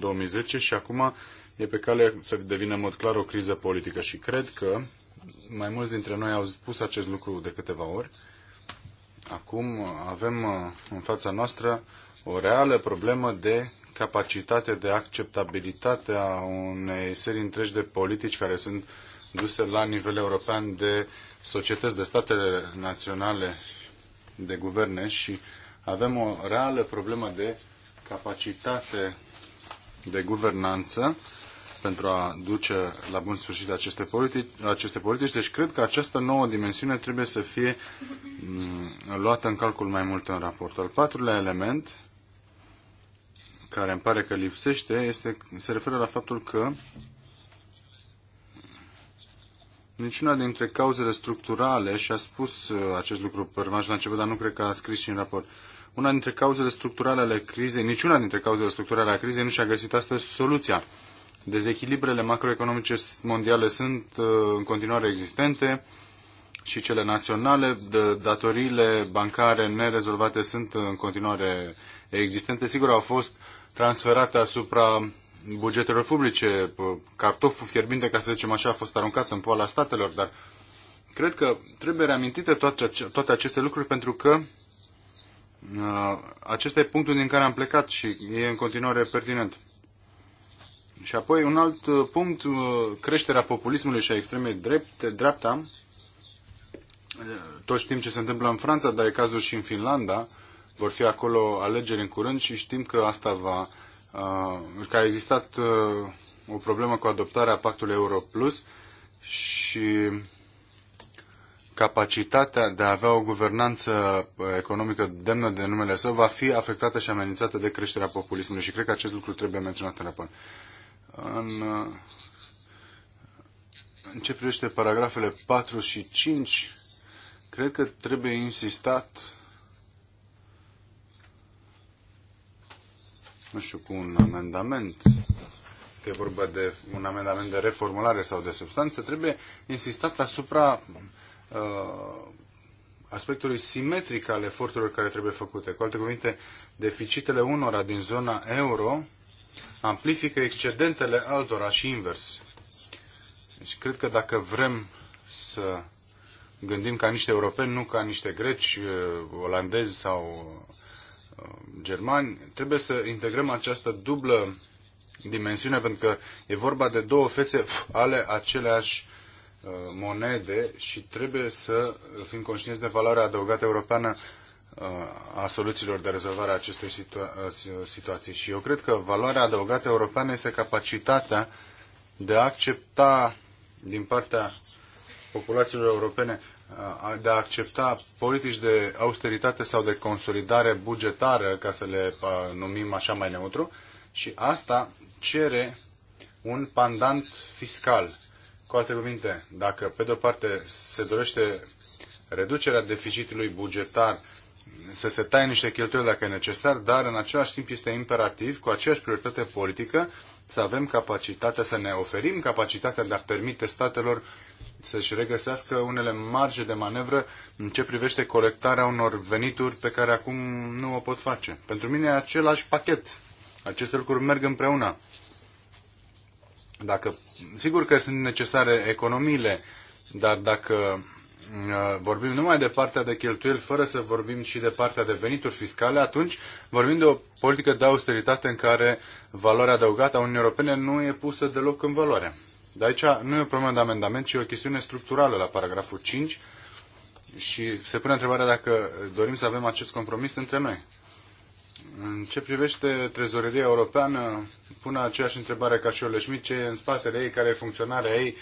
2009-2010 și acum e pe cale să devină în mod clar o criză politică. Și cred că mai mulți dintre noi au spus acest lucru de câteva ori. Acum avem uh, în fața noastră o reală problemă de capacitate de acceptabilitate a unei serii întregi de politici care sunt duse la nivel european de societăți, de statele naționale, de guverne și avem o reală problemă de capacitate de guvernanță pentru a duce la bun sfârșit aceste politici, aceste politici. Deci cred că această nouă dimensiune trebuie să fie mm, luată în calcul mai mult în raport. Al patrulea element care îmi pare că lipsește este, se referă la faptul că niciuna dintre cauzele structurale, și a spus uh, acest lucru Părmaș la început, dar nu cred că a scris și în raport, una dintre cauzele structurale ale crizei, niciuna dintre cauzele structurale ale crizei nu și-a găsit astăzi soluția. Dezechilibrele macroeconomice mondiale sunt uh, în continuare existente și cele naționale, datoriile bancare nerezolvate sunt uh, în continuare existente. Sigur, au fost transferate asupra bugetelor publice. Cartoful fierbinte, ca să zicem așa, a fost aruncat în poala statelor, dar cred că trebuie reamintite toate, toate aceste lucruri pentru că uh, acesta e punctul din care am plecat și e în continuare pertinent. Și apoi un alt ă, punct, ă, creșterea populismului și a extremei drepte, dreapta. Toți știm ce se întâmplă în Franța, dar e cazul și în Finlanda vor fi acolo alegeri în curând și știm că asta va, uh, că a existat uh, o problemă cu adoptarea pactului Euro Plus și capacitatea de a avea o guvernanță uh, economică demnă de numele său va fi afectată și amenințată de creșterea populismului și cred că acest lucru trebuie menționat în raport. În, în ce privește paragrafele 4 și 5, cred că trebuie insistat nu știu, cu un amendament, că e vorba de un amendament de reformulare sau de substanță, trebuie insistat asupra uh, aspectului simetric al eforturilor care trebuie făcute. Cu alte cuvinte, deficitele unora din zona euro amplifică excedentele altora și invers. Deci cred că dacă vrem să gândim ca niște europeni, nu ca niște greci, uh, olandezi sau germani, trebuie să integrăm această dublă dimensiune, pentru că e vorba de două fețe ale aceleași uh, monede și trebuie să fim conștienți de valoarea adăugată europeană uh, a soluțiilor de rezolvare a acestei situa- uh, situații. Și eu cred că valoarea adăugată europeană este capacitatea de a accepta din partea populațiilor europene de a accepta politici de austeritate sau de consolidare bugetară, ca să le numim așa mai neutru, și asta cere un pandant fiscal. Cu alte cuvinte, dacă pe de-o parte se dorește reducerea deficitului bugetar, să se taie niște cheltuieli dacă e necesar, dar în același timp este imperativ, cu aceeași prioritate politică, să avem capacitatea, să ne oferim capacitatea de a permite statelor să-și regăsească unele marge de manevră în ce privește colectarea unor venituri pe care acum nu o pot face. Pentru mine e același pachet. Aceste lucruri merg împreună. Dacă, sigur că sunt necesare economiile, dar dacă uh, vorbim numai de partea de cheltuieli, fără să vorbim și de partea de venituri fiscale, atunci vorbim de o politică de austeritate în care valoarea adăugată a Uniunii Europene nu e pusă deloc în valoare. De aici nu e o problemă de amendament, ci o chestiune structurală la paragraful 5 și se pune întrebarea dacă dorim să avem acest compromis între noi. În ce privește trezoreria europeană, pune aceeași întrebare ca și o ce e în spatele ei, care e funcționarea ei,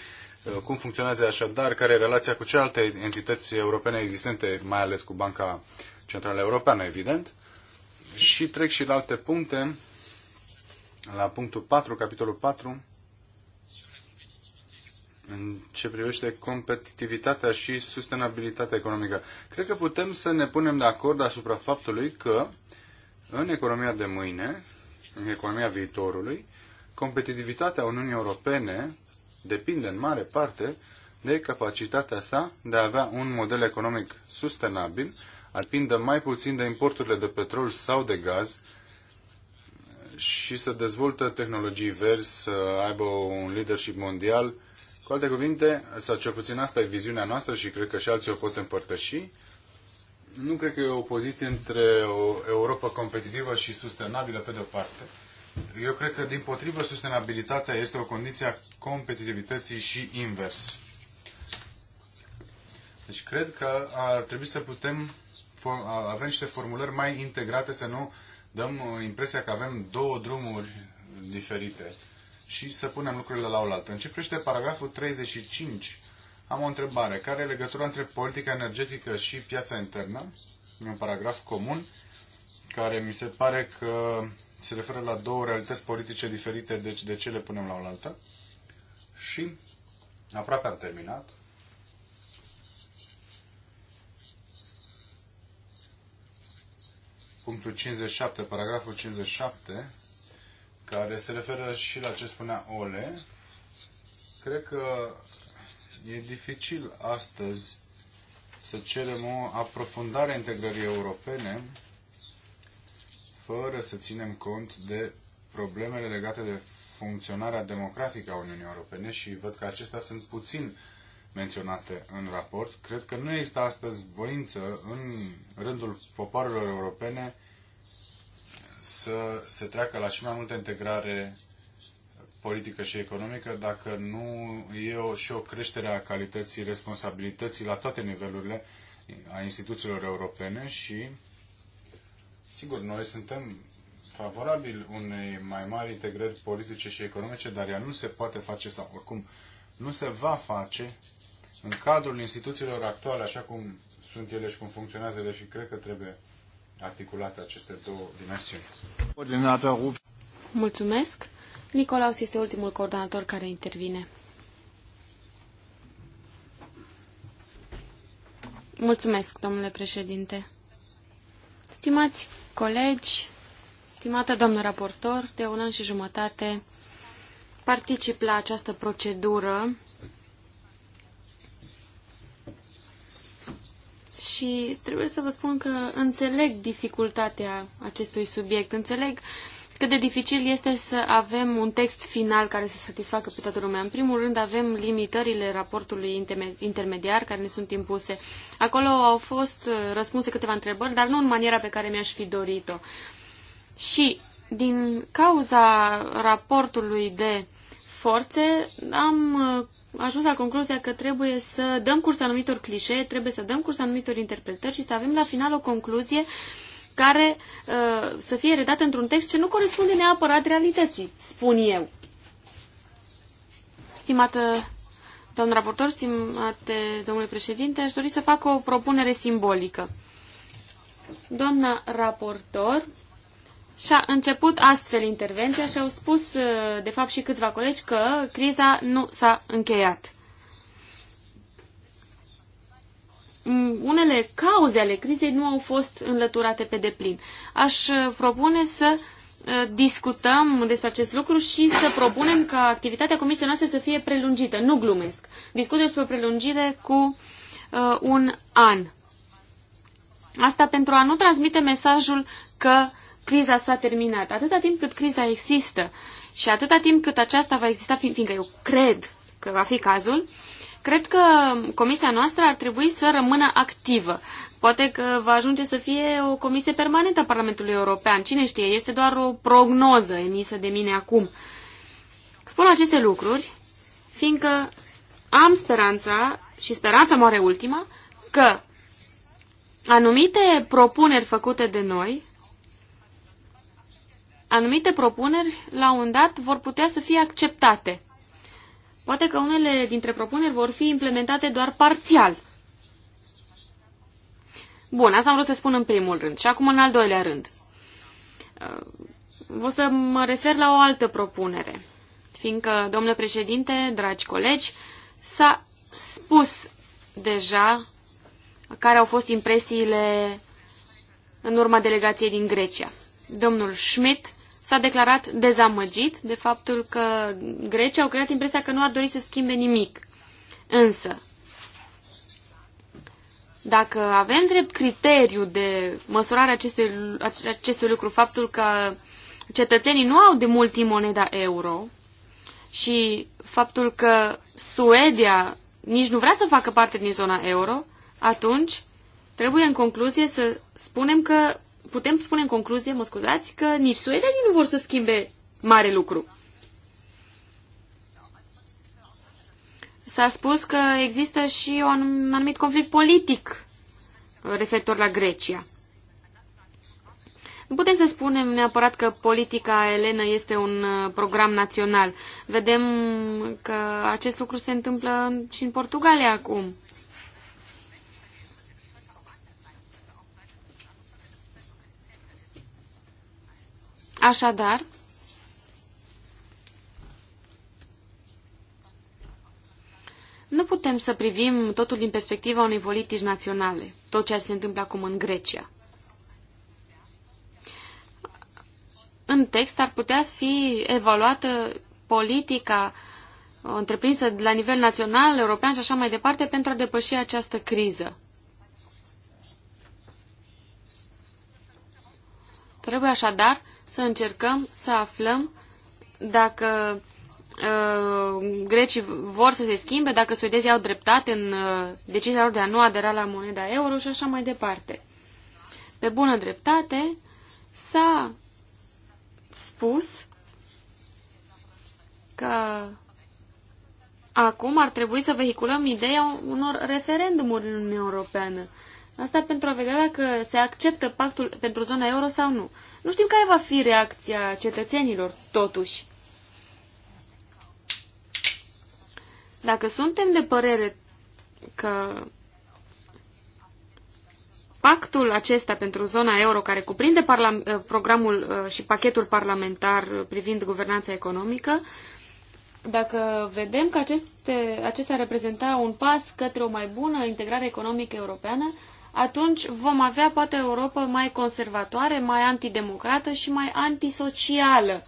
cum funcționează așadar, care e relația cu celelalte entități europene existente, mai ales cu Banca Centrală Europeană, evident. Și trec și la alte puncte, la punctul 4, capitolul 4, în ce privește competitivitatea și sustenabilitatea economică. Cred că putem să ne punem de acord asupra faptului că în economia de mâine, în economia viitorului, competitivitatea Uniunii Europene depinde în mare parte de capacitatea sa de a avea un model economic sustenabil, alpindă mai puțin de importurile de petrol sau de gaz și să dezvoltă tehnologii verzi, să aibă un leadership mondial cu alte cuvinte, sau cel puțin asta e viziunea noastră și cred că și alții o pot împărtăși, nu cred că e o poziție între o Europa competitivă și sustenabilă pe de-o parte. Eu cred că, din potrivă, sustenabilitatea este o condiție a competitivității și invers. Deci cred că ar trebui să putem avem niște formulări mai integrate, să nu dăm uh, impresia că avem două drumuri diferite și să punem lucrurile la oaltă. În ce privește paragraful 35, am o întrebare. Care e legătura între politica energetică și piața internă? E un paragraf comun care mi se pare că se referă la două realități politice diferite, deci de ce le punem la oaltă? Și aproape am terminat. Punctul 57, paragraful 57, care se referă și la ce spunea Ole. Cred că e dificil astăzi să cerem o aprofundare a integrării europene fără să ținem cont de problemele legate de funcționarea democratică a Uniunii Europene și văd că acestea sunt puțin menționate în raport. Cred că nu există astăzi voință în rândul popoarelor europene să se treacă la și mai multă integrare politică și economică dacă nu e o, și o creștere a calității responsabilității la toate nivelurile a instituțiilor europene și, sigur, noi suntem favorabili unei mai mari integrări politice și economice, dar ea nu se poate face sau oricum nu se va face în cadrul instituțiilor actuale, așa cum sunt ele și cum funcționează ele și cred că trebuie articulate aceste două dimensiuni. Mulțumesc. Nicolaus este ultimul coordonator care intervine. Mulțumesc, domnule președinte. Stimați colegi, stimată doamnă raportor, de un an și jumătate particip la această procedură și trebuie să vă spun că înțeleg dificultatea acestui subiect. Înțeleg cât de dificil este să avem un text final care să satisfacă pe toată lumea. În primul rând avem limitările raportului intermediar care ne sunt impuse. Acolo au fost uh, răspunse câteva întrebări, dar nu în maniera pe care mi-aș fi dorit-o. Și din cauza raportului de forțe, am uh, ajuns la concluzia că trebuie să dăm curs anumitor clișee, trebuie să dăm curs anumitor interpretări și să avem la final o concluzie care uh, să fie redată într-un text ce nu corespunde neapărat realității, spun eu. Stimată doamnă raportor, stimate domnule președinte, aș dori să fac o propunere simbolică. Doamna raportor și a început astfel intervenția și au spus, uh, de fapt, și câțiva colegi că criza nu s-a încheiat. Mm, unele cauze ale crizei nu au fost înlăturate pe deplin. Aș uh, propune să uh, discutăm despre acest lucru și să propunem ca activitatea comisiei noastre să fie prelungită. Nu glumesc. Discut despre prelungire cu uh, un an. Asta pentru a nu transmite mesajul că uh, criza s-a terminat. Atâta timp cât criza există și atâta timp cât aceasta va exista, fiindcă eu cred că va fi cazul, cred că comisia noastră ar trebui să rămână activă. Poate că va ajunge să fie o comisie permanentă a Parlamentului European. Cine știe, este doar o prognoză emisă de mine acum. Spun aceste lucruri, fiindcă am speranța, și speranța moare ultima, că anumite propuneri făcute de noi anumite propuneri, la un dat, vor putea să fie acceptate. Poate că unele dintre propuneri vor fi implementate doar parțial. Bun, asta am vrut să spun în primul rând. Și acum în al doilea rând. Vă uh, să mă refer la o altă propunere. Fiindcă, domnule președinte, dragi colegi, s-a spus deja care au fost impresiile în urma delegației din Grecia. Domnul Schmidt s-a declarat dezamăgit de faptul că Grecia au creat impresia că nu ar dori să schimbe nimic. Însă, dacă avem drept criteriu de măsurare acestui, acestui lucru faptul că cetățenii nu au de mult timp moneda euro și faptul că Suedia nici nu vrea să facă parte din zona euro, atunci trebuie în concluzie să spunem că putem spune în concluzie, mă scuzați, că nici suedezii nu vor să schimbe mare lucru. S-a spus că există și un anumit conflict politic referitor la Grecia. Nu putem să spunem neapărat că politica elenă este un uh, program național. Vedem că acest lucru se întâmplă și în Portugalia acum. Așadar, nu putem să privim totul din perspectiva unei politici naționale, tot ceea ce se întâmplă acum în Grecia. În text ar putea fi evaluată politica întreprinsă la nivel național, european și așa mai departe pentru a depăși această criză. Trebuie așadar să încercăm să aflăm dacă uh, grecii vor să se schimbe, dacă suedezii au dreptate în uh, decizia lor de a nu adera la moneda euro și așa mai departe. Pe bună dreptate s-a spus că acum ar trebui să vehiculăm ideea unor referendumuri în Uniunea Europeană. Asta pentru a vedea dacă se acceptă pactul pentru zona euro sau nu. Nu știm care va fi reacția cetățenilor, totuși. Dacă suntem de părere că pactul acesta pentru zona euro, care cuprinde eh, programul eh, și pachetul parlamentar privind guvernanța economică, dacă vedem că aceste, acesta reprezenta un pas către o mai bună integrare economică europeană, atunci vom avea poate o Europa mai conservatoare, mai antidemocrată și mai antisocială.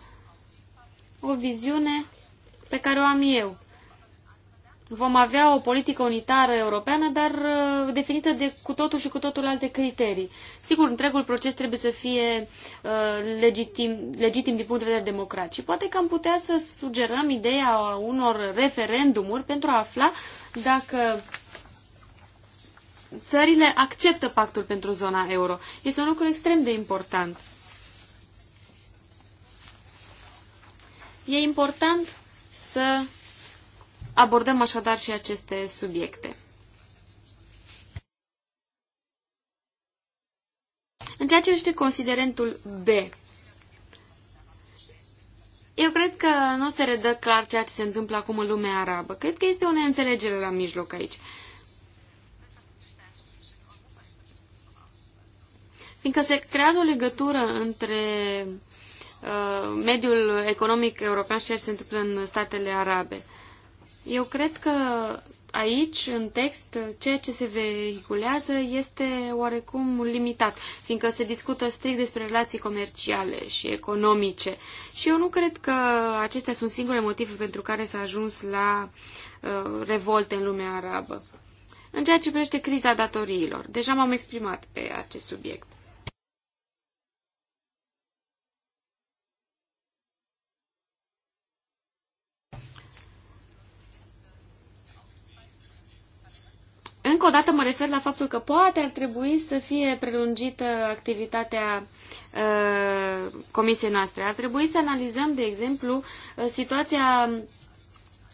O viziune pe care o am eu. Vom avea o politică unitară europeană, dar uh, definită de cu totul și cu totul alte criterii. Sigur, întregul proces trebuie să fie uh, legitim, legitim din punct de vedere democrat și poate că am putea să sugerăm ideea unor referendumuri pentru a afla dacă țările acceptă pactul pentru zona euro. Este un lucru extrem de important. E important să abordăm așadar și aceste subiecte. În ceea ce este considerentul B, eu cred că nu se redă clar ceea ce se întâmplă acum în lumea arabă. Cred că este o neînțelegere la mijloc aici. Uh, fiindcă se creează o legătură între uh, mediul economic european și ce se întâmplă în statele arabe. Eu cred că aici, în text, ceea ce se vehiculează este oarecum limitat, fiindcă se discută strict despre relații comerciale și economice. Și eu nu cred că acestea sunt singure motive pentru care s-a ajuns la uh, revolte în lumea arabă. În ceea ce privește criza datoriilor, deja m-am exprimat pe acest subiect. Încă o dată mă refer la faptul că poate ar trebui să fie prelungită activitatea uh, comisiei noastre. Ar trebui să analizăm, de exemplu, uh, situația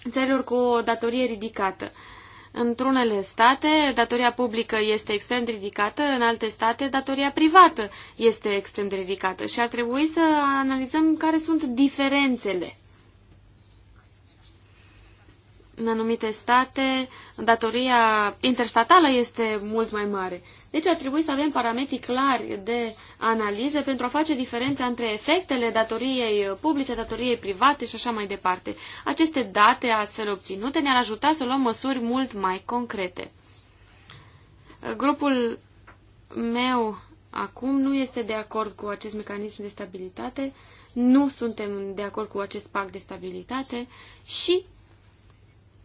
țărilor cu o datorie ridicată. Într-unele state, datoria publică este extrem de ridicată, în alte state, datoria privată este extrem de ridicată și ar trebui să analizăm care sunt diferențele. În anumite state, datoria interstatală este mult mai mare. Deci ar trebui să avem parametri clari de analize pentru a face diferența între efectele datoriei publice, datoriei private și așa mai departe. Aceste date astfel obținute ne-ar ajuta să luăm măsuri mult mai concrete. Grupul meu acum nu este de acord cu acest mecanism de stabilitate, nu suntem de acord cu acest pact de stabilitate și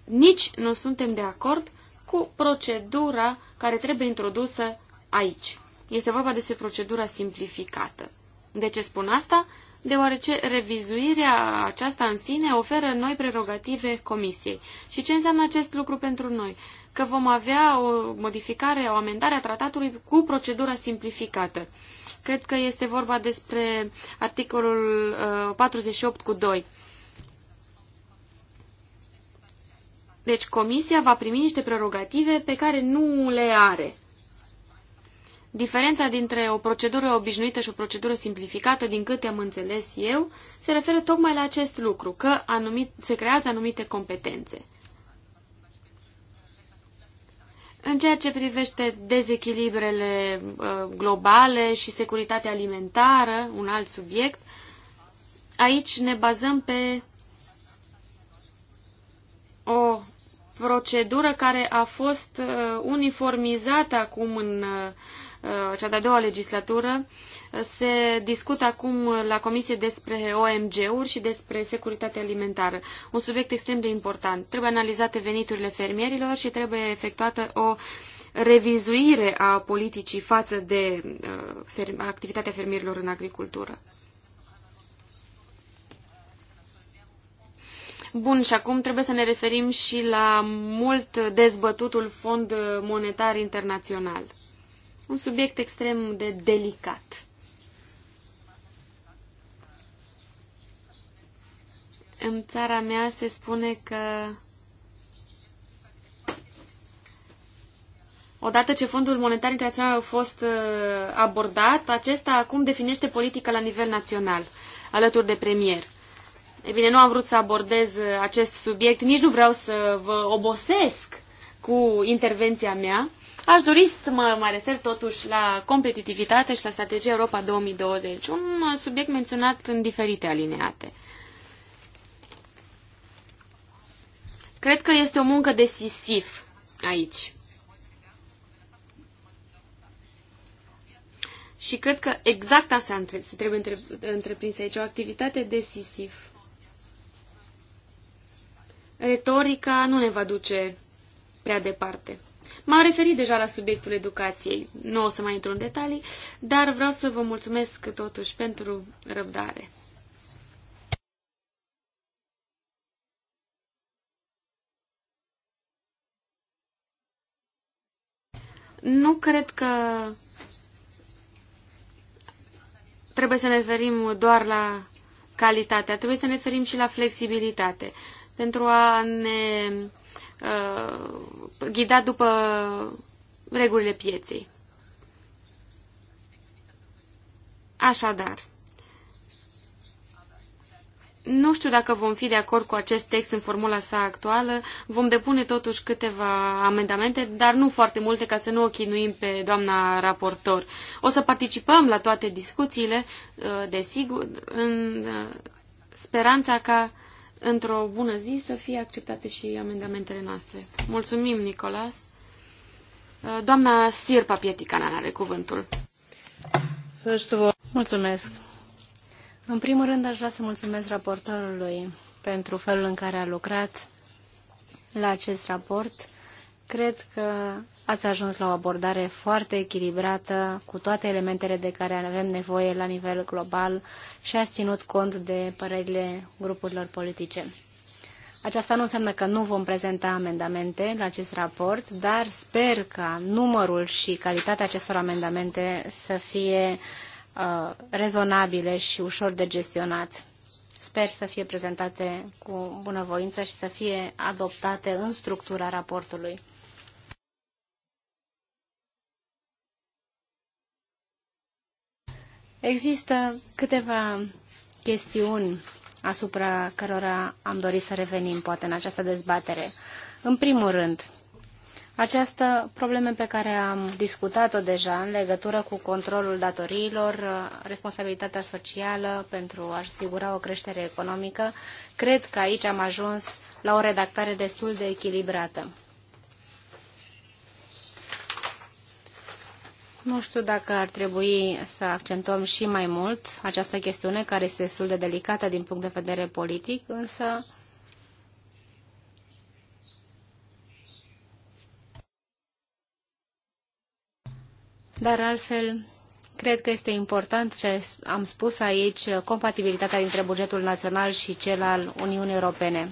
nici nu suntem de acord cu procedura care trebuie introdusă aici. Este vorba despre procedura simplificată. De ce spun asta? Deoarece revizuirea aceasta în sine oferă noi prerogative comisiei. Și ce înseamnă acest lucru pentru noi? Că vom avea o modificare, o amendare a tratatului cu procedura simplificată. Cred că este vorba despre articolul uh, 48 cu 2 Deci comisia va primi niște prerogative pe care nu le are. Diferența dintre o procedură obișnuită și o procedură simplificată, din câte am înțeles eu, se referă tocmai la acest lucru, că anumit, se creează anumite competențe. În ceea ce privește dezechilibrele uh, globale și securitatea alimentară, un alt subiect, aici ne bazăm pe o procedură care a fost uh, uniformizată acum în uh, uh, cea de-a doua legislatură. Se discută acum la Comisie despre OMG-uri și despre securitate alimentară. Un subiect extrem de important. Trebuie analizate veniturile fermierilor și trebuie efectuată o revizuire a politicii față de activitatea fermierilor în agricultură. Bun, și acum trebuie să ne referim și la mult dezbătutul Fond Monetar Internațional. Un subiect extrem de delicat. În țara mea se spune că Odată ce Fondul Monetar Internațional a fost uh, abordat, acesta acum definește politica la nivel național, alături de premier. E bine, nu am vrut să abordez uh, acest subiect, nici nu vreau să vă obosesc cu intervenția mea. Aș dori să mă mai refer totuși la competitivitate și la strategia Europa 2020, un uh, subiect menționat în diferite alineate. Cred că este o muncă de sisif aici. Și cred că exact asta se trebuie întreprinsă aici, o activitate decisivă retorica nu ne va duce prea departe. M-am referit deja la subiectul educației, nu o să mai intru în detalii, dar vreau să vă mulțumesc totuși pentru răbdare. Nu cred că trebuie să ne referim doar la calitate, trebuie să ne referim și la flexibilitate pentru a ne uh, ghida după regulile pieței. Așadar, nu știu dacă vom fi de acord cu acest text în formula sa actuală. Vom depune totuși câteva amendamente, dar nu foarte multe, ca să nu o chinuim pe doamna raportor. O să participăm la toate discuțiile, uh, desigur, în uh, speranța ca într-o bună zi să fie acceptate și amendamentele noastre. Mulțumim, Nicolas. Uh, doamna Sirpa Pieticanan are cuvântul. Mulțumesc. În primul rând aș vrea să mulțumesc raportorului pentru felul în care a lucrat la acest raport Cred că ați ajuns la o abordare foarte echilibrată cu toate elementele de care avem nevoie la nivel global și ați ținut cont de părerile grupurilor politice. Aceasta nu înseamnă că nu vom prezenta amendamente la acest raport, dar sper ca numărul și calitatea acestor amendamente să fie uh, rezonabile și ușor de gestionat. Sper să fie prezentate cu bunăvoință și să fie adoptate în structura raportului. Există câteva chestiuni asupra cărora am dorit să revenim, poate, în această dezbatere. În primul rând, această probleme pe care am discutat-o deja în legătură cu controlul datoriilor, responsabilitatea socială pentru a asigura o creștere economică, cred că aici am ajuns la o redactare destul de echilibrată. Nu știu dacă ar trebui să accentuăm și mai mult această chestiune, care este destul de delicată din punct de vedere politic, însă Dar altfel, cred că este important ce am spus aici, compatibilitatea dintre bugetul național și cel al Uniunii Europene.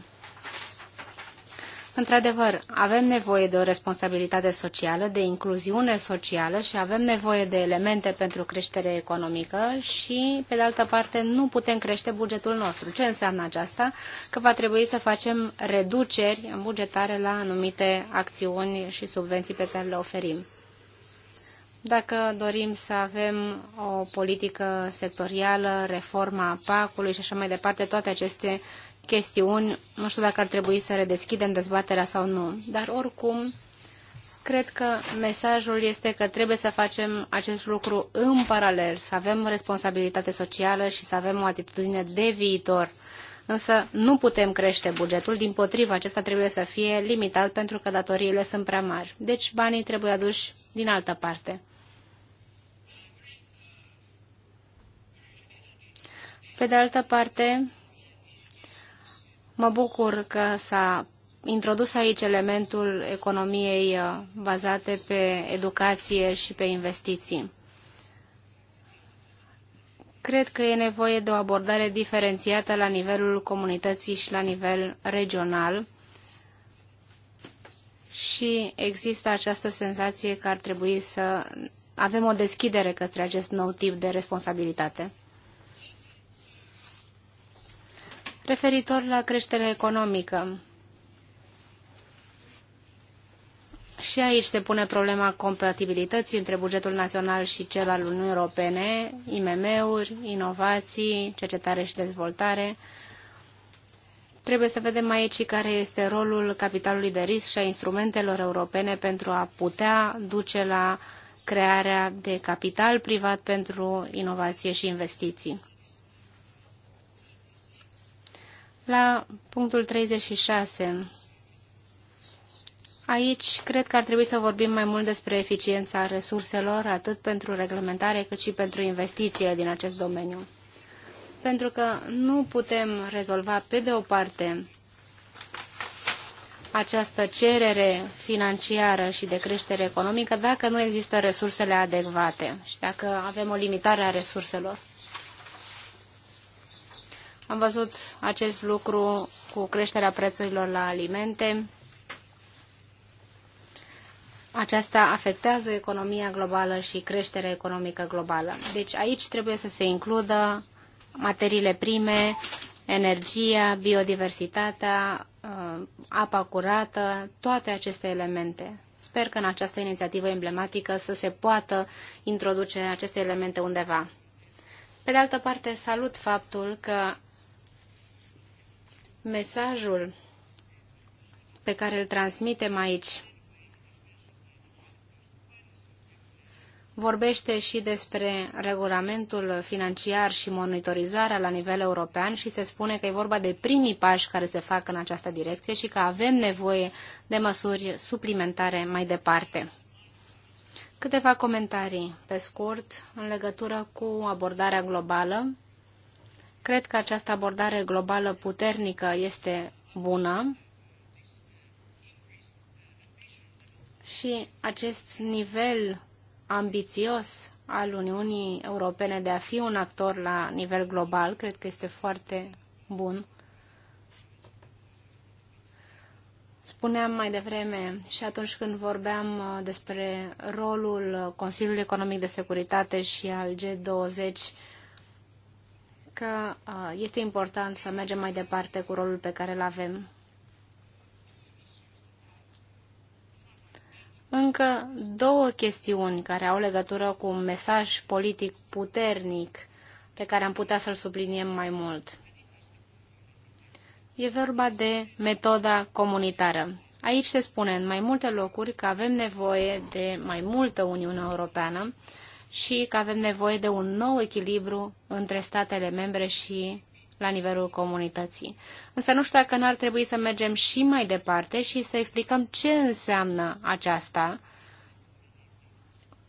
Într-adevăr, avem nevoie de o responsabilitate socială, de incluziune socială și avem nevoie de elemente pentru creștere economică și, pe de altă parte, nu putem crește bugetul nostru. Ce înseamnă aceasta? Că va trebui să facem reduceri bugetare la anumite acțiuni și subvenții pe care le oferim. Dacă dorim să avem o politică sectorială, reforma PAC-ului și așa mai departe, toate aceste chestiuni. Nu știu dacă ar trebui să redeschidem dezbaterea sau nu, dar oricum cred că mesajul este că trebuie să facem acest lucru în paralel, să avem responsabilitate socială și să avem o atitudine de viitor. Însă nu putem crește bugetul, din potriva acesta trebuie să fie limitat pentru că datoriile sunt prea mari. Deci banii trebuie aduși din altă parte. Pe de altă parte, Mă bucur că s-a introdus aici elementul economiei uh, bazate pe educație și pe investiții. Cred că e nevoie de o abordare diferențiată la nivelul comunității și la nivel regional și există această senzație că ar trebui să avem o deschidere către acest nou tip de responsabilitate. referitor la creșterea economică. Și aici se pune problema compatibilității între bugetul național și cel al Uniunii Europene, IMM-uri, inovații, cercetare și dezvoltare. Trebuie să vedem aici care este rolul capitalului de risc și a instrumentelor europene pentru a putea duce la crearea de capital privat pentru inovație și investiții. La punctul 36. Aici cred că ar trebui să vorbim mai mult despre eficiența resurselor, atât pentru reglementare cât și pentru investițiile din acest domeniu. Pentru că nu putem rezolva pe de o parte această cerere financiară și de creștere economică dacă nu există resursele adecvate și dacă avem o limitare a resurselor. Am văzut acest lucru cu creșterea prețurilor la alimente. Aceasta afectează economia globală și creșterea economică globală. Deci aici trebuie să se includă materiile prime, energia, biodiversitatea, uh, apa curată, toate aceste elemente. Sper că în această inițiativă emblematică să se poată introduce aceste elemente undeva. Pe de altă parte, salut faptul că mesajul pe care îl transmitem aici vorbește și despre regulamentul financiar și monitorizarea la nivel european și se spune că e vorba de primii pași care se fac în această direcție și că avem nevoie de măsuri suplimentare mai departe. Câteva comentarii, pe scurt, în legătură cu abordarea globală Cred că această abordare globală puternică este bună și acest nivel ambițios al Uniunii Europene de a fi un actor la nivel global, cred că este foarte bun. Spuneam mai devreme și atunci când vorbeam uh, despre rolul Consiliului Economic de Securitate și al G20 că este important să mergem mai departe cu rolul pe care îl avem. Încă două chestiuni care au legătură cu un mesaj politic puternic pe care am putea să-l subliniem mai mult. E vorba de metoda comunitară. Aici se spune în mai multe locuri că avem nevoie de mai multă Uniune Europeană, și că avem nevoie de un nou echilibru între statele membre și la nivelul comunității. Însă nu știu dacă n-ar trebui să mergem și mai departe și să explicăm ce înseamnă aceasta,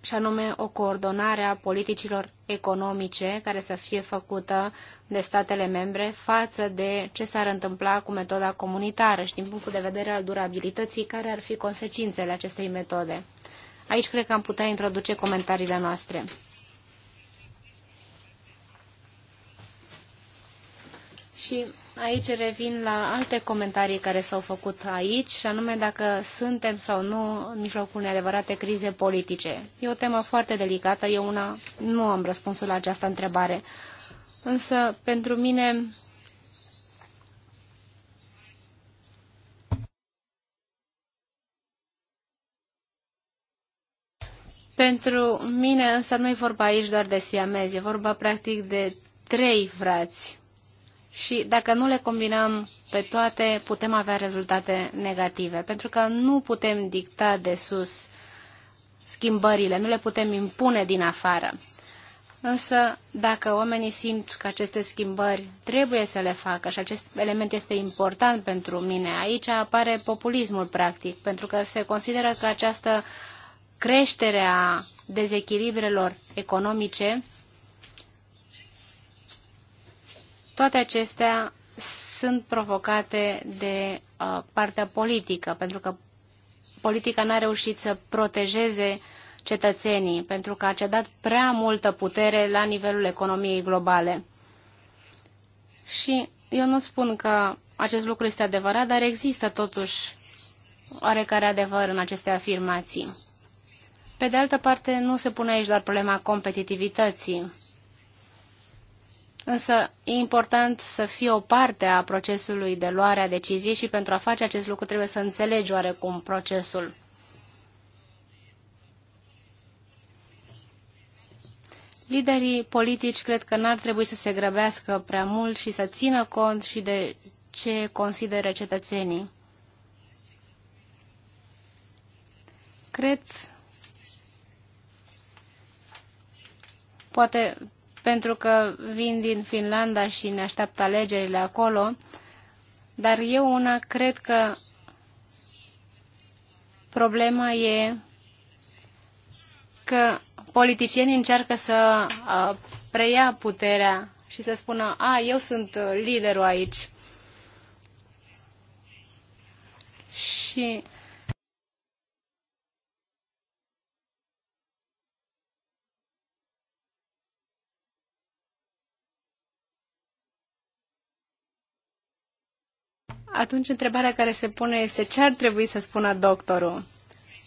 și anume o coordonare a politicilor economice care să fie făcută de statele membre față de ce s-ar întâmpla cu metoda comunitară și din punctul de vedere al durabilității, care ar fi consecințele acestei metode. Aici cred că am putea introduce comentariile noastre. Și aici revin la alte comentarii care s-au făcut aici, și anume dacă suntem sau nu în mijlocul unei adevărate crize politice. E o temă foarte delicată, eu una nu am răspunsul la această întrebare. Însă, pentru mine, Pentru mine însă nu e vorba aici doar de siamezi, e vorba practic de trei frați. Și dacă nu le combinăm pe toate, putem avea rezultate negative, pentru că nu putem dicta de sus schimbările, nu le putem impune din afară. Însă, dacă oamenii simt că aceste schimbări trebuie să le facă și acest element este important pentru mine, aici apare populismul practic, pentru că se consideră că această creșterea dezechilibrelor economice, toate acestea sunt provocate de uh, partea politică, pentru că politica n-a reușit să protejeze cetățenii, pentru că a cedat prea multă putere la nivelul economiei globale. Și eu nu spun că acest lucru este adevărat, dar există totuși oarecare adevăr în aceste afirmații. Pe de altă parte, nu se pune aici doar problema competitivității. Însă e important să fii o parte a procesului de luare a deciziei și pentru a face acest lucru trebuie să înțelegi oarecum procesul. Liderii politici cred că n-ar trebui să se grăbească prea mult și să țină cont și de ce consideră cetățenii. Cred Poate pentru că vin din Finlanda și ne așteaptă alegerile acolo, dar eu una cred că problema e că politicienii încearcă să preia puterea și să spună, a, eu sunt liderul aici. Și atunci întrebarea care se pune este ce ar trebui să spună doctorul?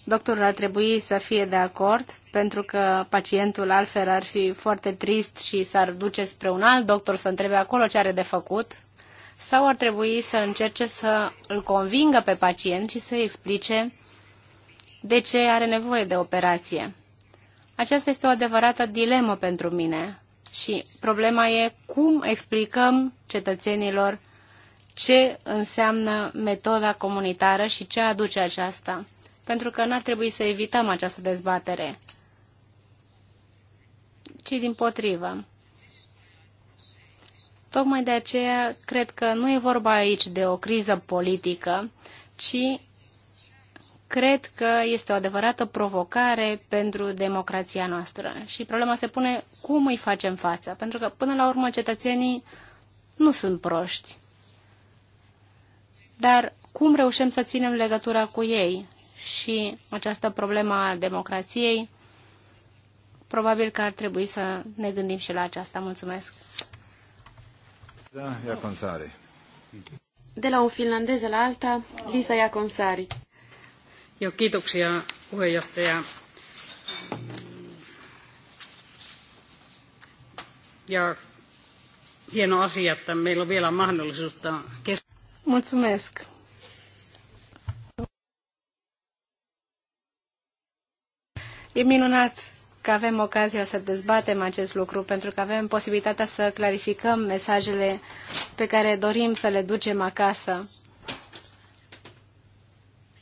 Doctorul ar trebui să fie de acord, pentru că pacientul altfel ar fi foarte trist și s-ar duce spre un alt doctor să întrebe acolo ce are de făcut, sau ar trebui să încerce să îl convingă pe pacient și să-i explice de ce are nevoie de operație. Aceasta este o adevărată dilemă pentru mine și problema e cum explicăm cetățenilor ce înseamnă metoda comunitară și ce aduce aceasta. Pentru că n-ar trebui să evităm această dezbatere, ci din potrivă. Tocmai de aceea cred că nu e vorba aici de o criză politică, ci cred că este o adevărată provocare pentru democrația noastră. Și problema se pune cum îi facem față, pentru că până la urmă cetățenii nu sunt proști. Dar cum reușim să ținem legătura cu ei? Și această problemă a democrației, probabil că ar trebui să ne gândim și la aceasta. Mulțumesc! Da, ia consare. De la o finlandeză la alta, Lisa Iaconsari. Eu kiitoksia puheenjohtaja. Ja hieno asia, että meillä on vielä mahdollisuutta Mulțumesc! E minunat că avem ocazia să dezbatem acest lucru, pentru că avem posibilitatea să clarificăm mesajele pe care dorim să le ducem acasă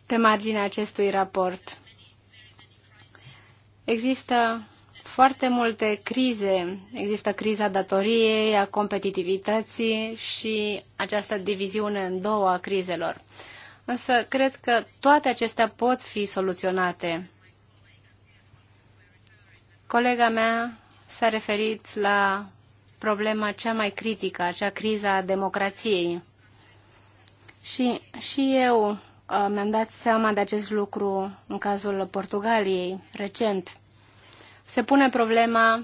pe marginea acestui raport. Există foarte multe crize. Există criza datoriei, a competitivității și această diviziune în două a crizelor. Însă cred că toate acestea pot fi soluționate. Colega mea s-a referit la problema cea mai critică, acea criza a democrației. Și, și eu uh, mi-am dat seama de acest lucru în cazul Portugaliei recent se pune problema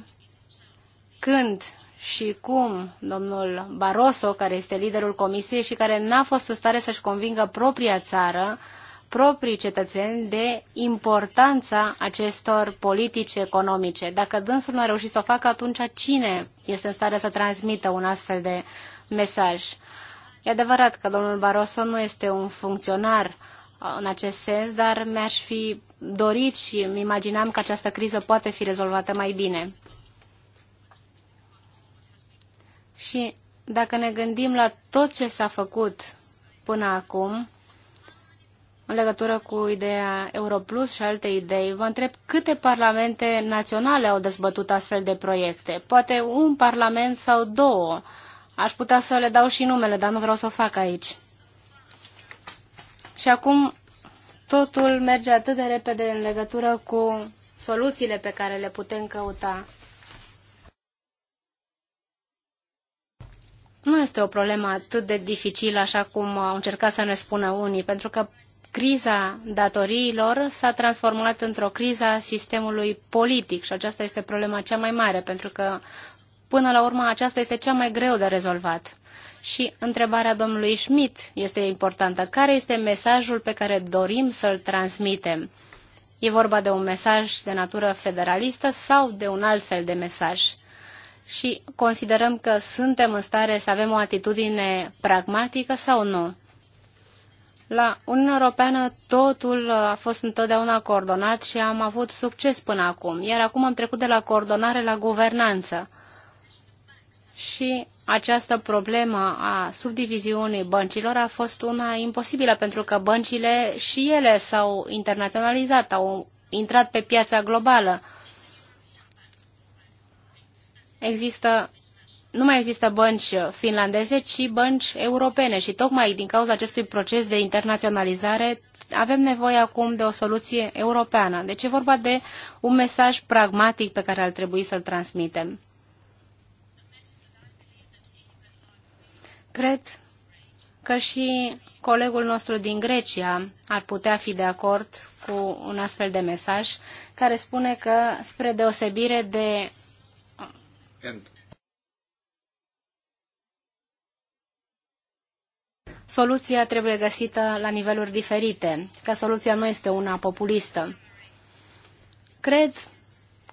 când și cum domnul Barroso, care este liderul comisiei și care n-a fost în stare să-și convingă propria țară, proprii cetățeni de importanța acestor politici economice. Dacă dânsul nu a reușit să o facă, atunci cine este în stare să transmită un astfel de mesaj? E adevărat că domnul Barroso nu este un funcționar în acest sens, dar mi-aș fi dorit și îmi imaginam că această criză poate fi rezolvată mai bine. Și dacă ne gândim la tot ce s-a făcut până acum, în legătură cu ideea Europlus și alte idei, vă întreb câte parlamente naționale au dezbătut astfel de proiecte. Poate un parlament sau două. Aș putea să le dau și numele, dar nu vreau să o fac aici. Și acum totul merge atât de repede în legătură cu soluțiile pe care le putem căuta. Nu este o problemă atât de dificilă așa cum au încercat să ne spună unii, pentru că criza datoriilor s-a transformat într-o criză a sistemului politic și aceasta este problema cea mai mare, pentru că până la urmă aceasta este cea mai greu de rezolvat. Și întrebarea domnului Schmidt este importantă. Care este mesajul pe care dorim să-l transmitem? E vorba de un mesaj de natură federalistă sau de un alt fel de mesaj? Și considerăm că suntem în stare să avem o atitudine pragmatică sau nu? La Uniunea Europeană totul a fost întotdeauna coordonat și am avut succes până acum, iar acum am trecut de la coordonare la guvernanță și această problemă a subdiviziunii băncilor a fost una imposibilă, pentru că băncile și ele s-au internaționalizat, au intrat pe piața globală. Există, nu mai există bănci finlandeze, ci bănci europene și tocmai din cauza acestui proces de internaționalizare avem nevoie acum de o soluție europeană. Deci e vorba de un mesaj pragmatic pe care ar trebui să-l transmitem. Cred că și colegul nostru din Grecia ar putea fi de acord cu un astfel de mesaj care spune că, spre deosebire de. Soluția trebuie găsită la niveluri diferite, că soluția nu este una populistă. Cred